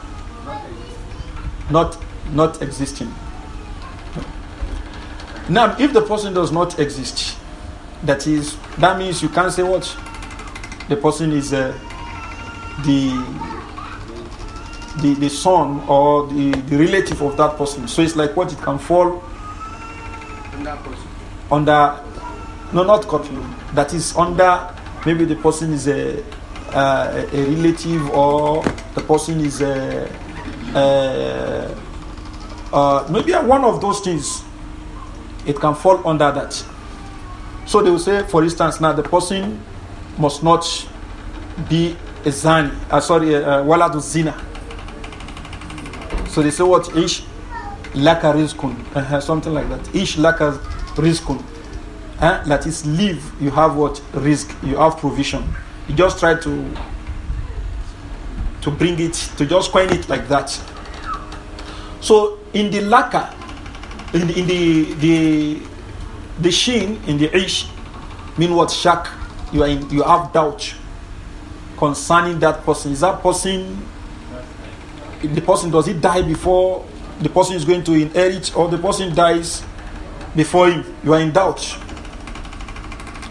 Not not existing. Now, if the person does not exist, that is that means you can't say what the person is uh, the the, the son or the, the relative of that person. So it's like what it can fall under person. Under no not Kotlu. That is under maybe the person is a uh, a relative or the person is a, uh, maybe one of those things. It can fall under that. So they will say, for instance, now the person must not be a zani, uh, sorry, uh, uh, waladu zina. So they say what? Ish laka rizkun, uh, uh-huh, something like that. Ish laka rizkun. Uh, that is live, you have what? Risk, you have provision. You just try to to bring it, to just coin it like that. So in the laka, in the, in the the the shin in the ish mean what shak you are in, you have doubt concerning that person. Is that person the person does he die before the person is going to inherit or the person dies before him? You are in doubt.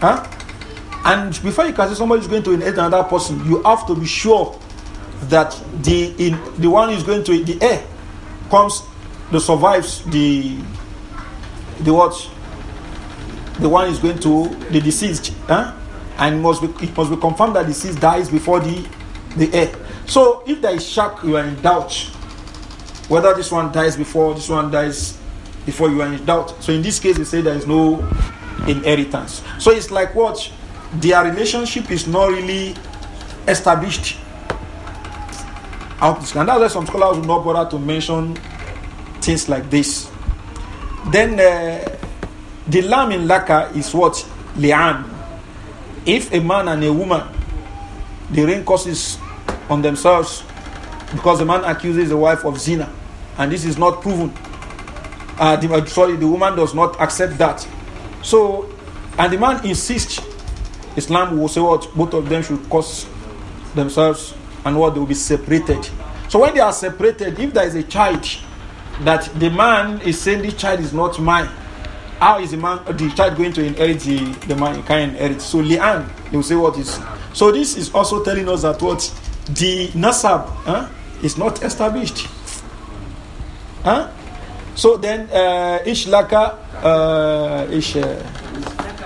Huh? And before you can say somebody is going to inherit another person, you have to be sure that the in, the one is going to the heir comes the survives the the what the one is going to the deceased huh? and must be, it must be confirmed that the seed dies before the, the air. So if there is shock, you are in doubt whether this one dies before this one dies before you are in doubt. So in this case, we say there is no inheritance. So it's like what their relationship is not really established. And that's why some scholars will not bother to mention things like this. Then uh, the lamb in Laka is what? Li'an. If a man and a woman, they rain curses on themselves because the man accuses the wife of zina, and this is not proven. Uh, the, uh, sorry, the woman does not accept that. So, and the man insists, Islam will say what both of them should curse themselves and what they will be separated. So when they are separated, if there is a child that the man is saying this child is not mine, how is the man the child going to inherit the, the man he can inherit so li'an they will say what is so this is also telling us that what the nasab huh, is not established huh? so then uh, ish laka uh, ish uh,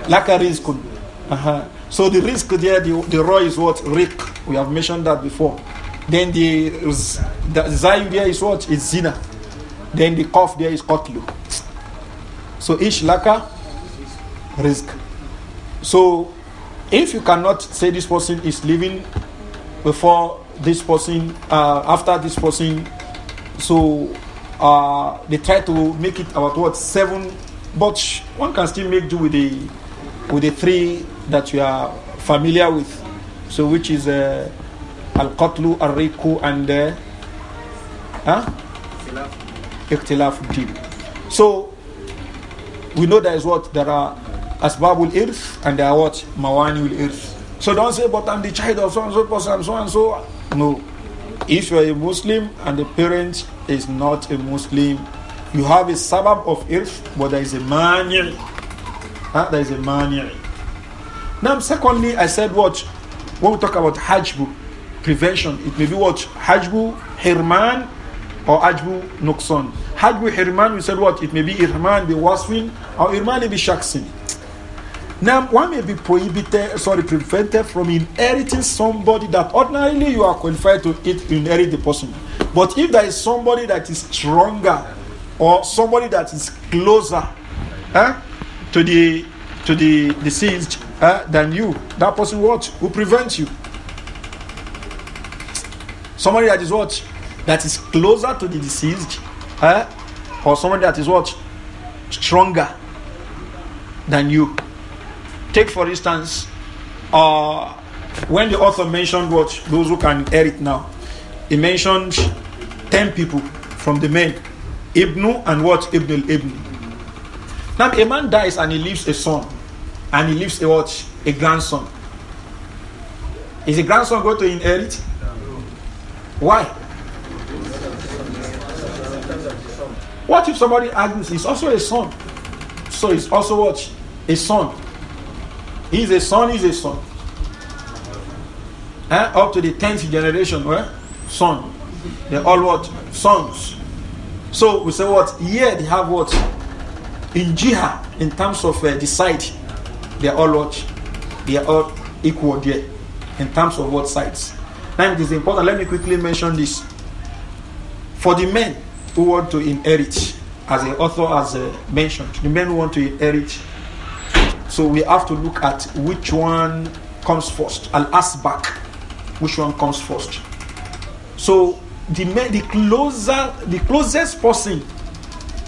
laka risk. uh-huh. so the risk there the, the raw is what rick we have mentioned that before then the, the zayu there is what is zina then the cough there is kotlu. So ish laka risk. So if you cannot say this person is leaving before this person, uh, after this person, so uh, they try to make it about what seven, but one can still make do with the with the three that you are familiar with. So which is uh, al qatlu al riku and uh, huh? So we know there is what? There are Asbabul Irth and there are what? Mawaniul Irth. So don't say, but I'm the child of so and so person, so and so. No. If you are a Muslim and the parent is not a Muslim, you have a sabab of Irth, but there is a mani. Huh? There is a mani. Now, secondly, I said what? When we talk about Hajbu, prevention, it may be what? Hajbu herman or Hajbu Nuqsan we Hirman, we said what? It may be Irman be Waswin or Irman be Shaksin. Now, one may be prohibited, sorry, prevented from inheriting somebody that ordinarily you are qualified to inherit the person. But if there is somebody that is stronger or somebody that is closer eh, to the to the deceased eh, than you, that person what will prevent you? Somebody that is what that is closer to the deceased eh? or someone that is what stronger than you. Take for instance, uh, when the author mentioned what those who can inherit now, he mentioned ten people from the men, Ibnu and what Ibn Ibn. Now a man dies and he leaves a son, and he leaves a what a grandson. Is the grandson going to inherit? Why? What if somebody argues he's also a son? So he's also what? A son. He's a son, he's a son. Eh? Up to the 10th generation, right? Son. They're all what? Sons. So we say what? Here they have what? In jihad, in terms of uh, the side, they're all what? They are all equal there in terms of what sides. Now it is important. Let me quickly mention this. For the men, who want to inherit, as the author has uh, mentioned, the men who want to inherit. So we have to look at which one comes first. I'll ask back which one comes first. So the, men, the closer, the closest person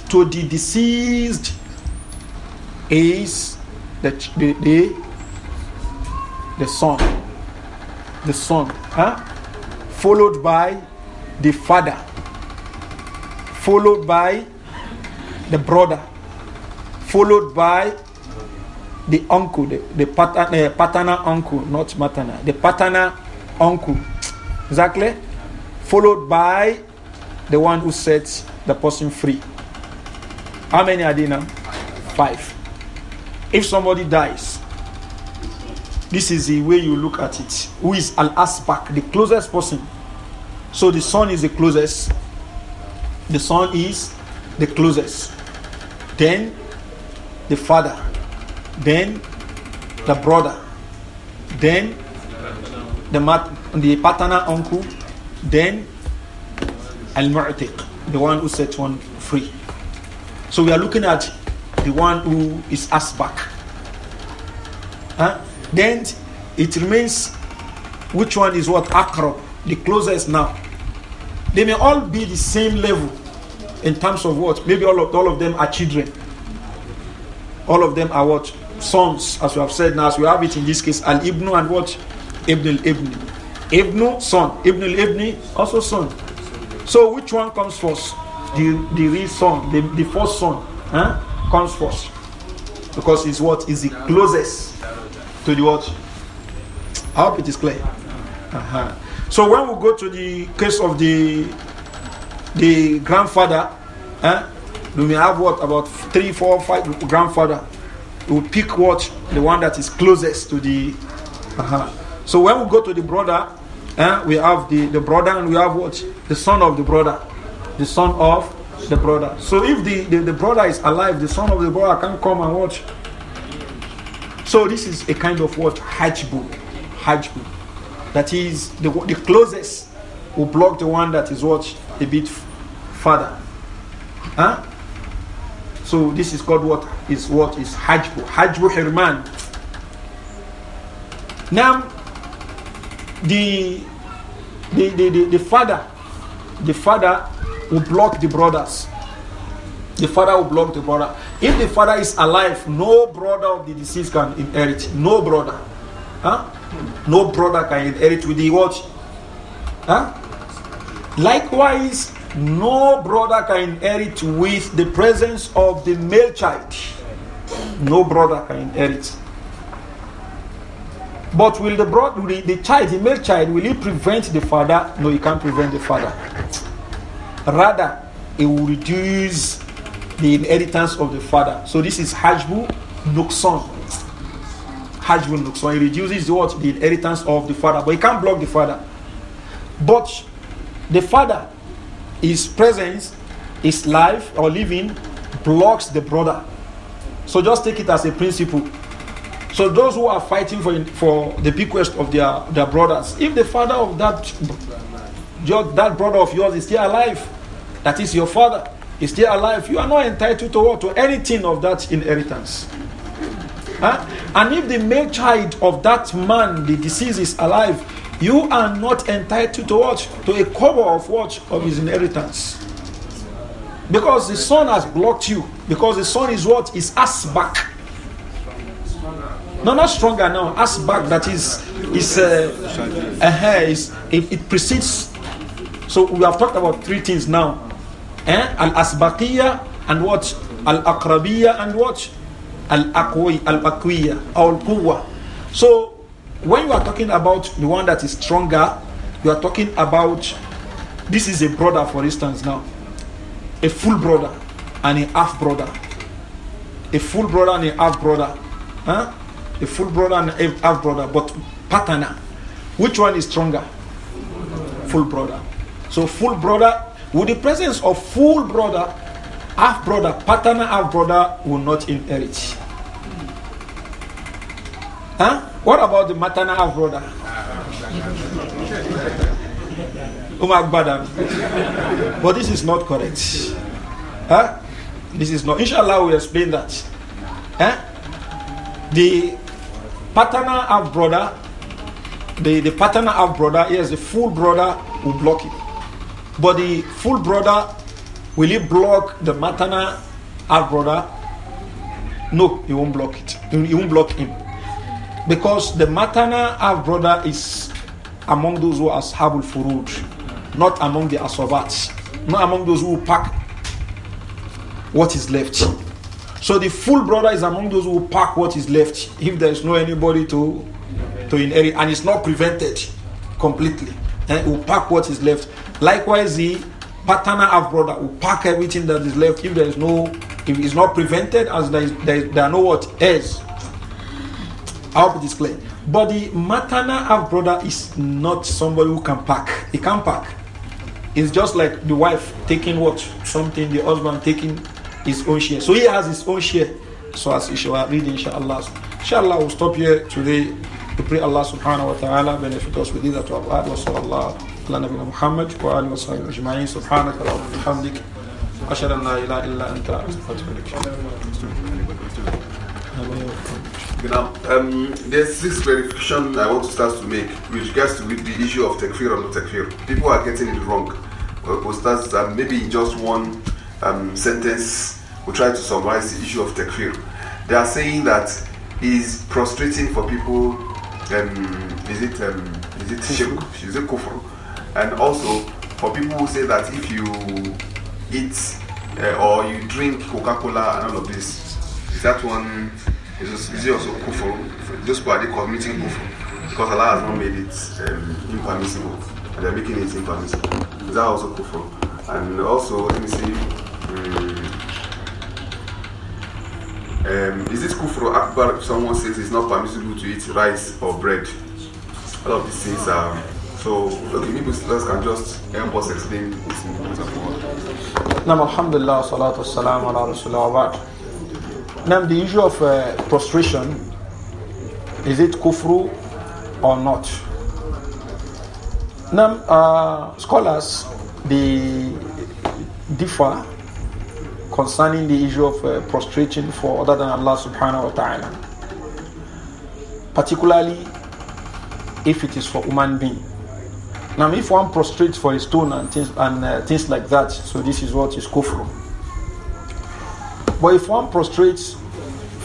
to the deceased is the the the, the son, the son, huh? followed by the father followed by the brother, followed by the uncle, the, the, pater, the eh, paternal uncle, not maternal, the paternal uncle, exactly, followed by the one who sets the person free. How many are there now? Five. If somebody dies, this is the way you look at it. Who is Al Asbak, the closest person? So the son is the closest the son is the closest, then the father, then the brother, then the, mat- the paternal uncle, then al mu'tiq, the one who set one free. So we are looking at the one who is asked back. Huh? Then it remains which one is what? Akrab, the closest now. They may all be the same level in terms of what? Maybe all of all of them are children. All of them are what? Sons, as we have said now, as we have it in this case, Al Ibnu and what? Ibn al Ibn. Ibnu, son. Ibn al Ibn, also son. So which one comes first? The, the real son, the, the first son, huh? comes first. Because it's what is the closest to the what? I hope it is clear. Uh -huh. So when we go to the case of the the grandfather, eh, we may have what about three, four, five grandfather. We will pick what the one that is closest to the. Uh -huh. So when we go to the brother, eh, we have the, the brother and we have what the son of the brother, the son of the brother. So if the, the, the brother is alive, the son of the brother can come and watch. So this is a kind of what hatch book. that is the the closest will block the one that is watched a bit further. Huh? So this is called what is what is hajbu hajbu hirman. Now the the, the, the, the father the father will block the brothers. The father will block the brother. If the father is alive, no brother of the deceased can inherit. No brother. Huh? No brother can inherit with the watch. Huh? Likewise, no brother can inherit with the presence of the male child. No brother can inherit. But will the brother, the, the child, the male child, will he prevent the father? No, he can't prevent the father. Rather, it will reduce the inheritance of the father. So this is Hajbu Nukson. Hajbu Nukson. It reduces what? The inheritance of the father. But he can't block the father. But the father, his presence, his life or living blocks the brother. So just take it as a principle. So those who are fighting for, for the bequest of their, their brothers, if the father of that, your, that brother of yours is still alive, that is your father, is still alive, you are not entitled to what? To anything of that inheritance. Huh? And if the male child of that man, the deceased, is alive, you are not entitled to what? To a cover of what? Of his inheritance. Because the son has blocked you. Because the son is what? Is ass back. No, not stronger now. Ass back that is is uh, uh, is it, it precedes. So we have talked about three things now. Eh? Al asbakia and what? Al akrabiya and what? Al aqwi al aqwiya al quwa. So when you are talking about the one that is stronger, you are talking about this is a brother, for instance, now a full brother and a half brother, a full brother and a half brother, huh? a full brother and a half brother, but partner. Which one is stronger? Full brother. So, full brother, with the presence of full brother, half brother, partner, half brother will not inherit. What about the maternal half brother? Umar But this is not correct. Huh? This is not. Inshallah, we explain that. Huh? The paternal half brother, the, the paternal half brother, yes, the full brother will block it. But the full brother, will he block the maternal half brother? No, he won't block it. He won't block him. Because the maternal half brother is among those who are Ashabul Furud, not among the Asobats, not among those who pack what is left. So the full brother is among those who pack what is left if there is no anybody to, to inherit and it's not prevented completely. And eh, will pack what is left. Likewise, the paternal half brother will pack everything that is left if there is no if it's not prevented as there, is, there, is, there are no what else. I hope it is clear. But the maternal half brother is not somebody who can pack. He can pack. It's just like the wife taking what? Something, the husband taking his own share. So he has his own share. So as Ishawa read, inshallah. Inshallah, we'll stop here today. We pray Allah subhanahu wa ta'ala benefit us with either to our ad wa sallallahu ala nabina Muhammad wa alihi wa sahbihi ajma'in subhanaka wa bihamdik ashhadu an la ilaha illa anta astaghfiruka wa atubu now, um, there's this verification I want to start to make with regards to the issue of takfir and not takfir. People are getting it wrong. We'll start maybe in just one um, sentence, we'll try to summarize the issue of takfir. They are saying that is prostrating for people. Um, is it shirk? Um, is it kufr? And also for people who say that if you eat uh, or you drink Coca-Cola and all of this, is that one? It is, is also kufr. Those they call committing kufr because Allah has not made it um, impermissible, and they're making it impermissible. Is that also kufr? And also, let me see. Hmm, um, is it kufr akbar if someone says it's not permissible to eat rice or bread? All of these things are. So, okay, maybe us can just help us explain this in words of God. alhamdulillah, salatu salam ala rasulullah now, the issue of uh, prostration is it kufru or not? Now, uh, scholars they differ concerning the issue of uh, prostrating for other than Allah subhanahu wa ta'ala. Particularly if it is for human being. Now, if one prostrates for a stone and things, and, uh, things like that, so this is what is kufru. But if one prostrates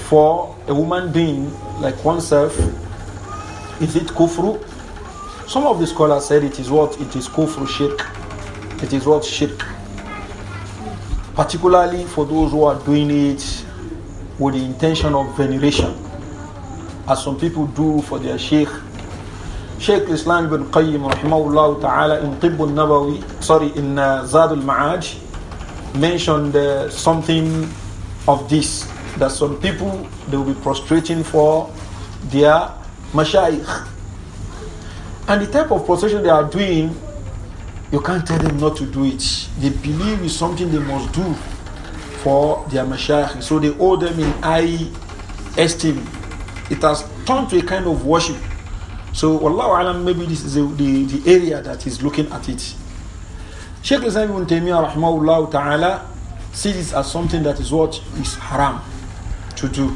for a woman being like oneself, is it kufru? Some of the scholars said it is what? It is kufru shirk. It is what shirk. Particularly for those who are doing it with the intention of veneration, as some people do for their sheikh. Sheikh Islam ibn Qayyim rahimahullah ta'ala in Tibb nabawi sorry, in uh, Zad al-Ma'aj mentioned uh, something of this that some people they will be prostrating for their mashayikh. And the type of prostration they are doing, you can't tell them not to do it. They believe it's something they must do for their mashayikh. So they hold them in high esteem. It has turned to a kind of worship. So Allah Alam, maybe this is the, the, the, area that is looking at it. Sheikh Islam ibn Taymiyyah rahmahullah ta'ala see this as something that is what is haram to do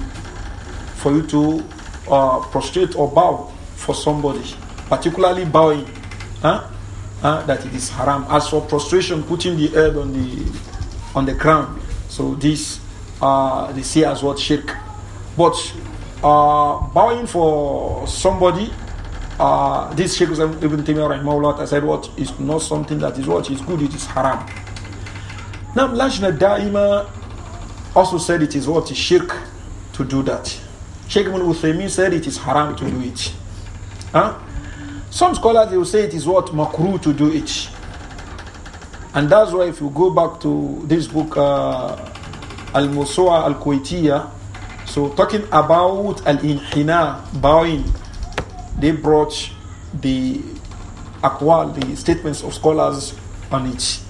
for you to uh, prostrate or bow for somebody, particularly bowing, huh? Huh? that it is haram. As for prostration, putting the head on the on the ground, so this uh, they see as what shirk. But uh, bowing for somebody, uh, this even Ibn Taymiyyah, as I said, what is not something that is what is good, it is haram. Now, Lajna Daima also said it is what is shirk to do that. Sheikh Ibn Uthaymeen said it is haram to do it. Huh? Some scholars they will say it is what makruh to do it. And that's why if you go back to this book uh, Al Musawa Al Kuwaitiya, so talking about Al Inhina bowing, they brought the akwal, the statements of scholars on it.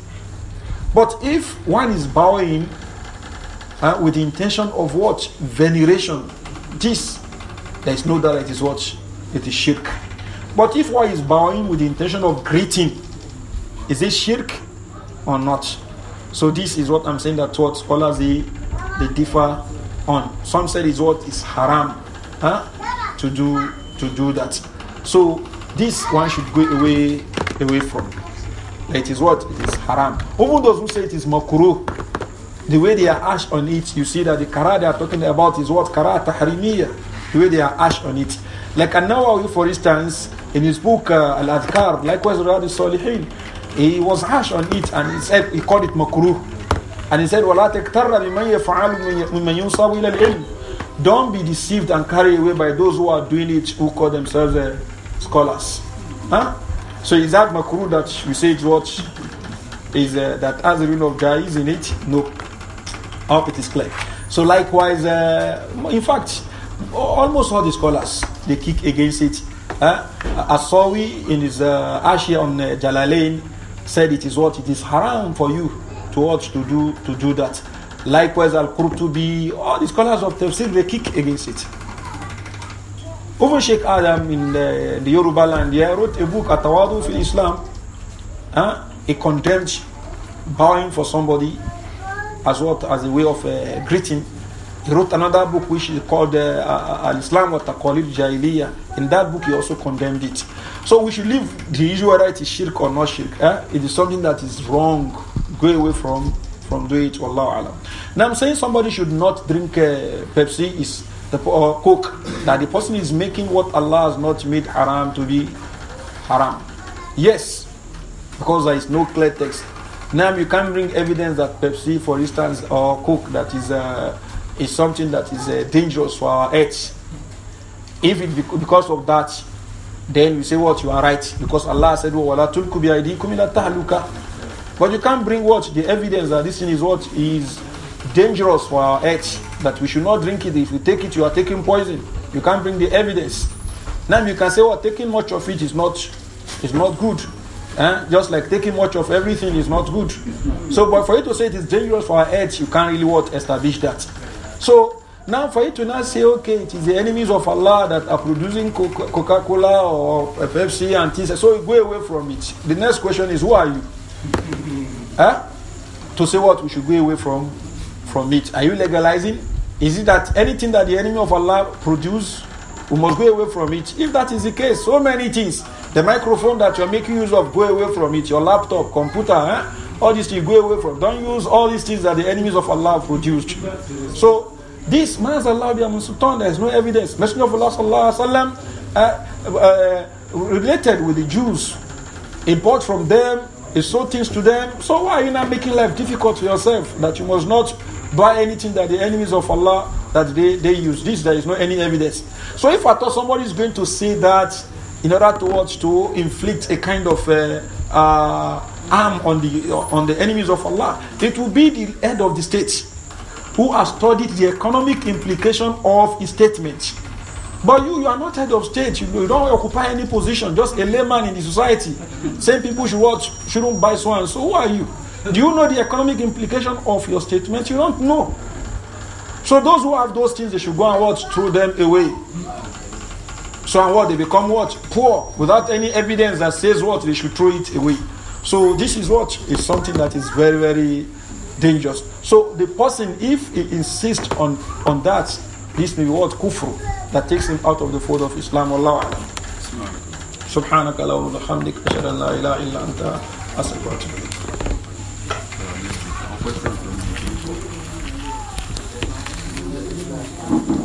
But if one is bowing uh, with the intention of what? Veneration. This, there is no doubt it is what? It is shirk. But if one is bowing with the intention of greeting, is it shirk or not? So this is what I'm saying that what scholars they, they differ on. Some said is what is haram huh? to do to do that. So this one should go away away from. It is what? It is haram. Even those who say it is makruh, the way they are ash on it, you see that the kara they are talking about is what? Kara tahrimiyah. The way they are ash on it. Like an for instance, in his book uh, al adkar likewise Riyadh Salihin, he was ash on it and he said he called it makruh. And he said, وَلَا بِمَنْ يَفْعَلُ مِمَّنْ يُنصَبُ إِلَى الْعِلْمِ Don't be deceived and carried away by those who are doing it, who call themselves uh, scholars. Huh? So is that makruh that we say what is uh, that has a ring of jais in it? No. I hope it is clear. So likewise, uh, in fact, almost all the scholars they kick against it. Uh, Asawi in his uh, Ashia on uh, Jalalain said it is what it is haram for you to watch to do to do that. Likewise, Al Qurtubi, all the scholars of Tafsir they kick against it. Even Sheikh Adam in the, Yoruba land, He wrote a book, Atawadu fil Islam. Huh? He condemned bowing for somebody as what as a way of uh, greeting. He wrote another book which is called uh, uh Al Islam or Taqalid Jahiliyyah. In that book, he also condemned it. So we should leave the issue whether it is shirk or not shirk. Eh? It is something that is wrong. Go away from from doing it. Allah Now I'm saying somebody should not drink uh, Pepsi is the, uh, cook, that the person is making what Allah has not made haram to be haram. Yes, because there is no clear text. Now you can bring evidence that Pepsi, for instance, or Coke, that is uh, is something that is uh, dangerous for our health. If it be because of that, then you say what you are right because Allah said, "Wala tulku But you can't bring what the evidence that this thing is what is dangerous for our health that we should not drink it. If you take it, you are taking poison. You can't bring the evidence. Now you can say, well, taking much of it is not, is not good. Eh? Just like taking much of everything is not good. So, but for you to say it is dangerous for our health, you can't really what establish that. So now for you to not say, okay, it is the enemies of Allah that are producing Coca-Cola or Pepsi and things. So go away from it. The next question is, who are you? eh? To say what we should go away from from it. Are you legalizing? Is it that anything that the enemy of Allah produce, we must go away from it? If that is the case, so many things. The microphone that you're making use of, go away from it. Your laptop, computer, eh? all these things, go away from. Don't use all these things that the enemies of Allah produced. So this man's Allah be Sultan, there is no evidence. Messenger of Allah sallallahu alaihi wasallam eh, eh, related with the Jews, Import from them, he sold things to them. So why are you not making life difficult for yourself that you must not buy anything that the enemies of Allah that they, they use. This there is no any evidence. So if I thought somebody is going to say that in order to watch to inflict a kind of uh, uh, on the on the enemies of Allah, it will be the head of the state who has studied the economic implication of his statement. But you, you are not head of state. You, you don't occupy any position. Just a layman in the society. Same people should watch, shouldn't buy so and so. Who are you? Do you know the economic implication of your statement? You don't know. So those who have those things, they should go and what? Throw them away. So and what? They become what? Poor without any evidence that says what? They should throw it away. So this is what is something that is very, very dangerous. So the person, if he insists on, on that, this may be what? kufr That takes him out of the fold of Islam. Allah Alam. سبحانك اللهم وبحمدك أشهد أن لا إله إلا أنت Pode sentar.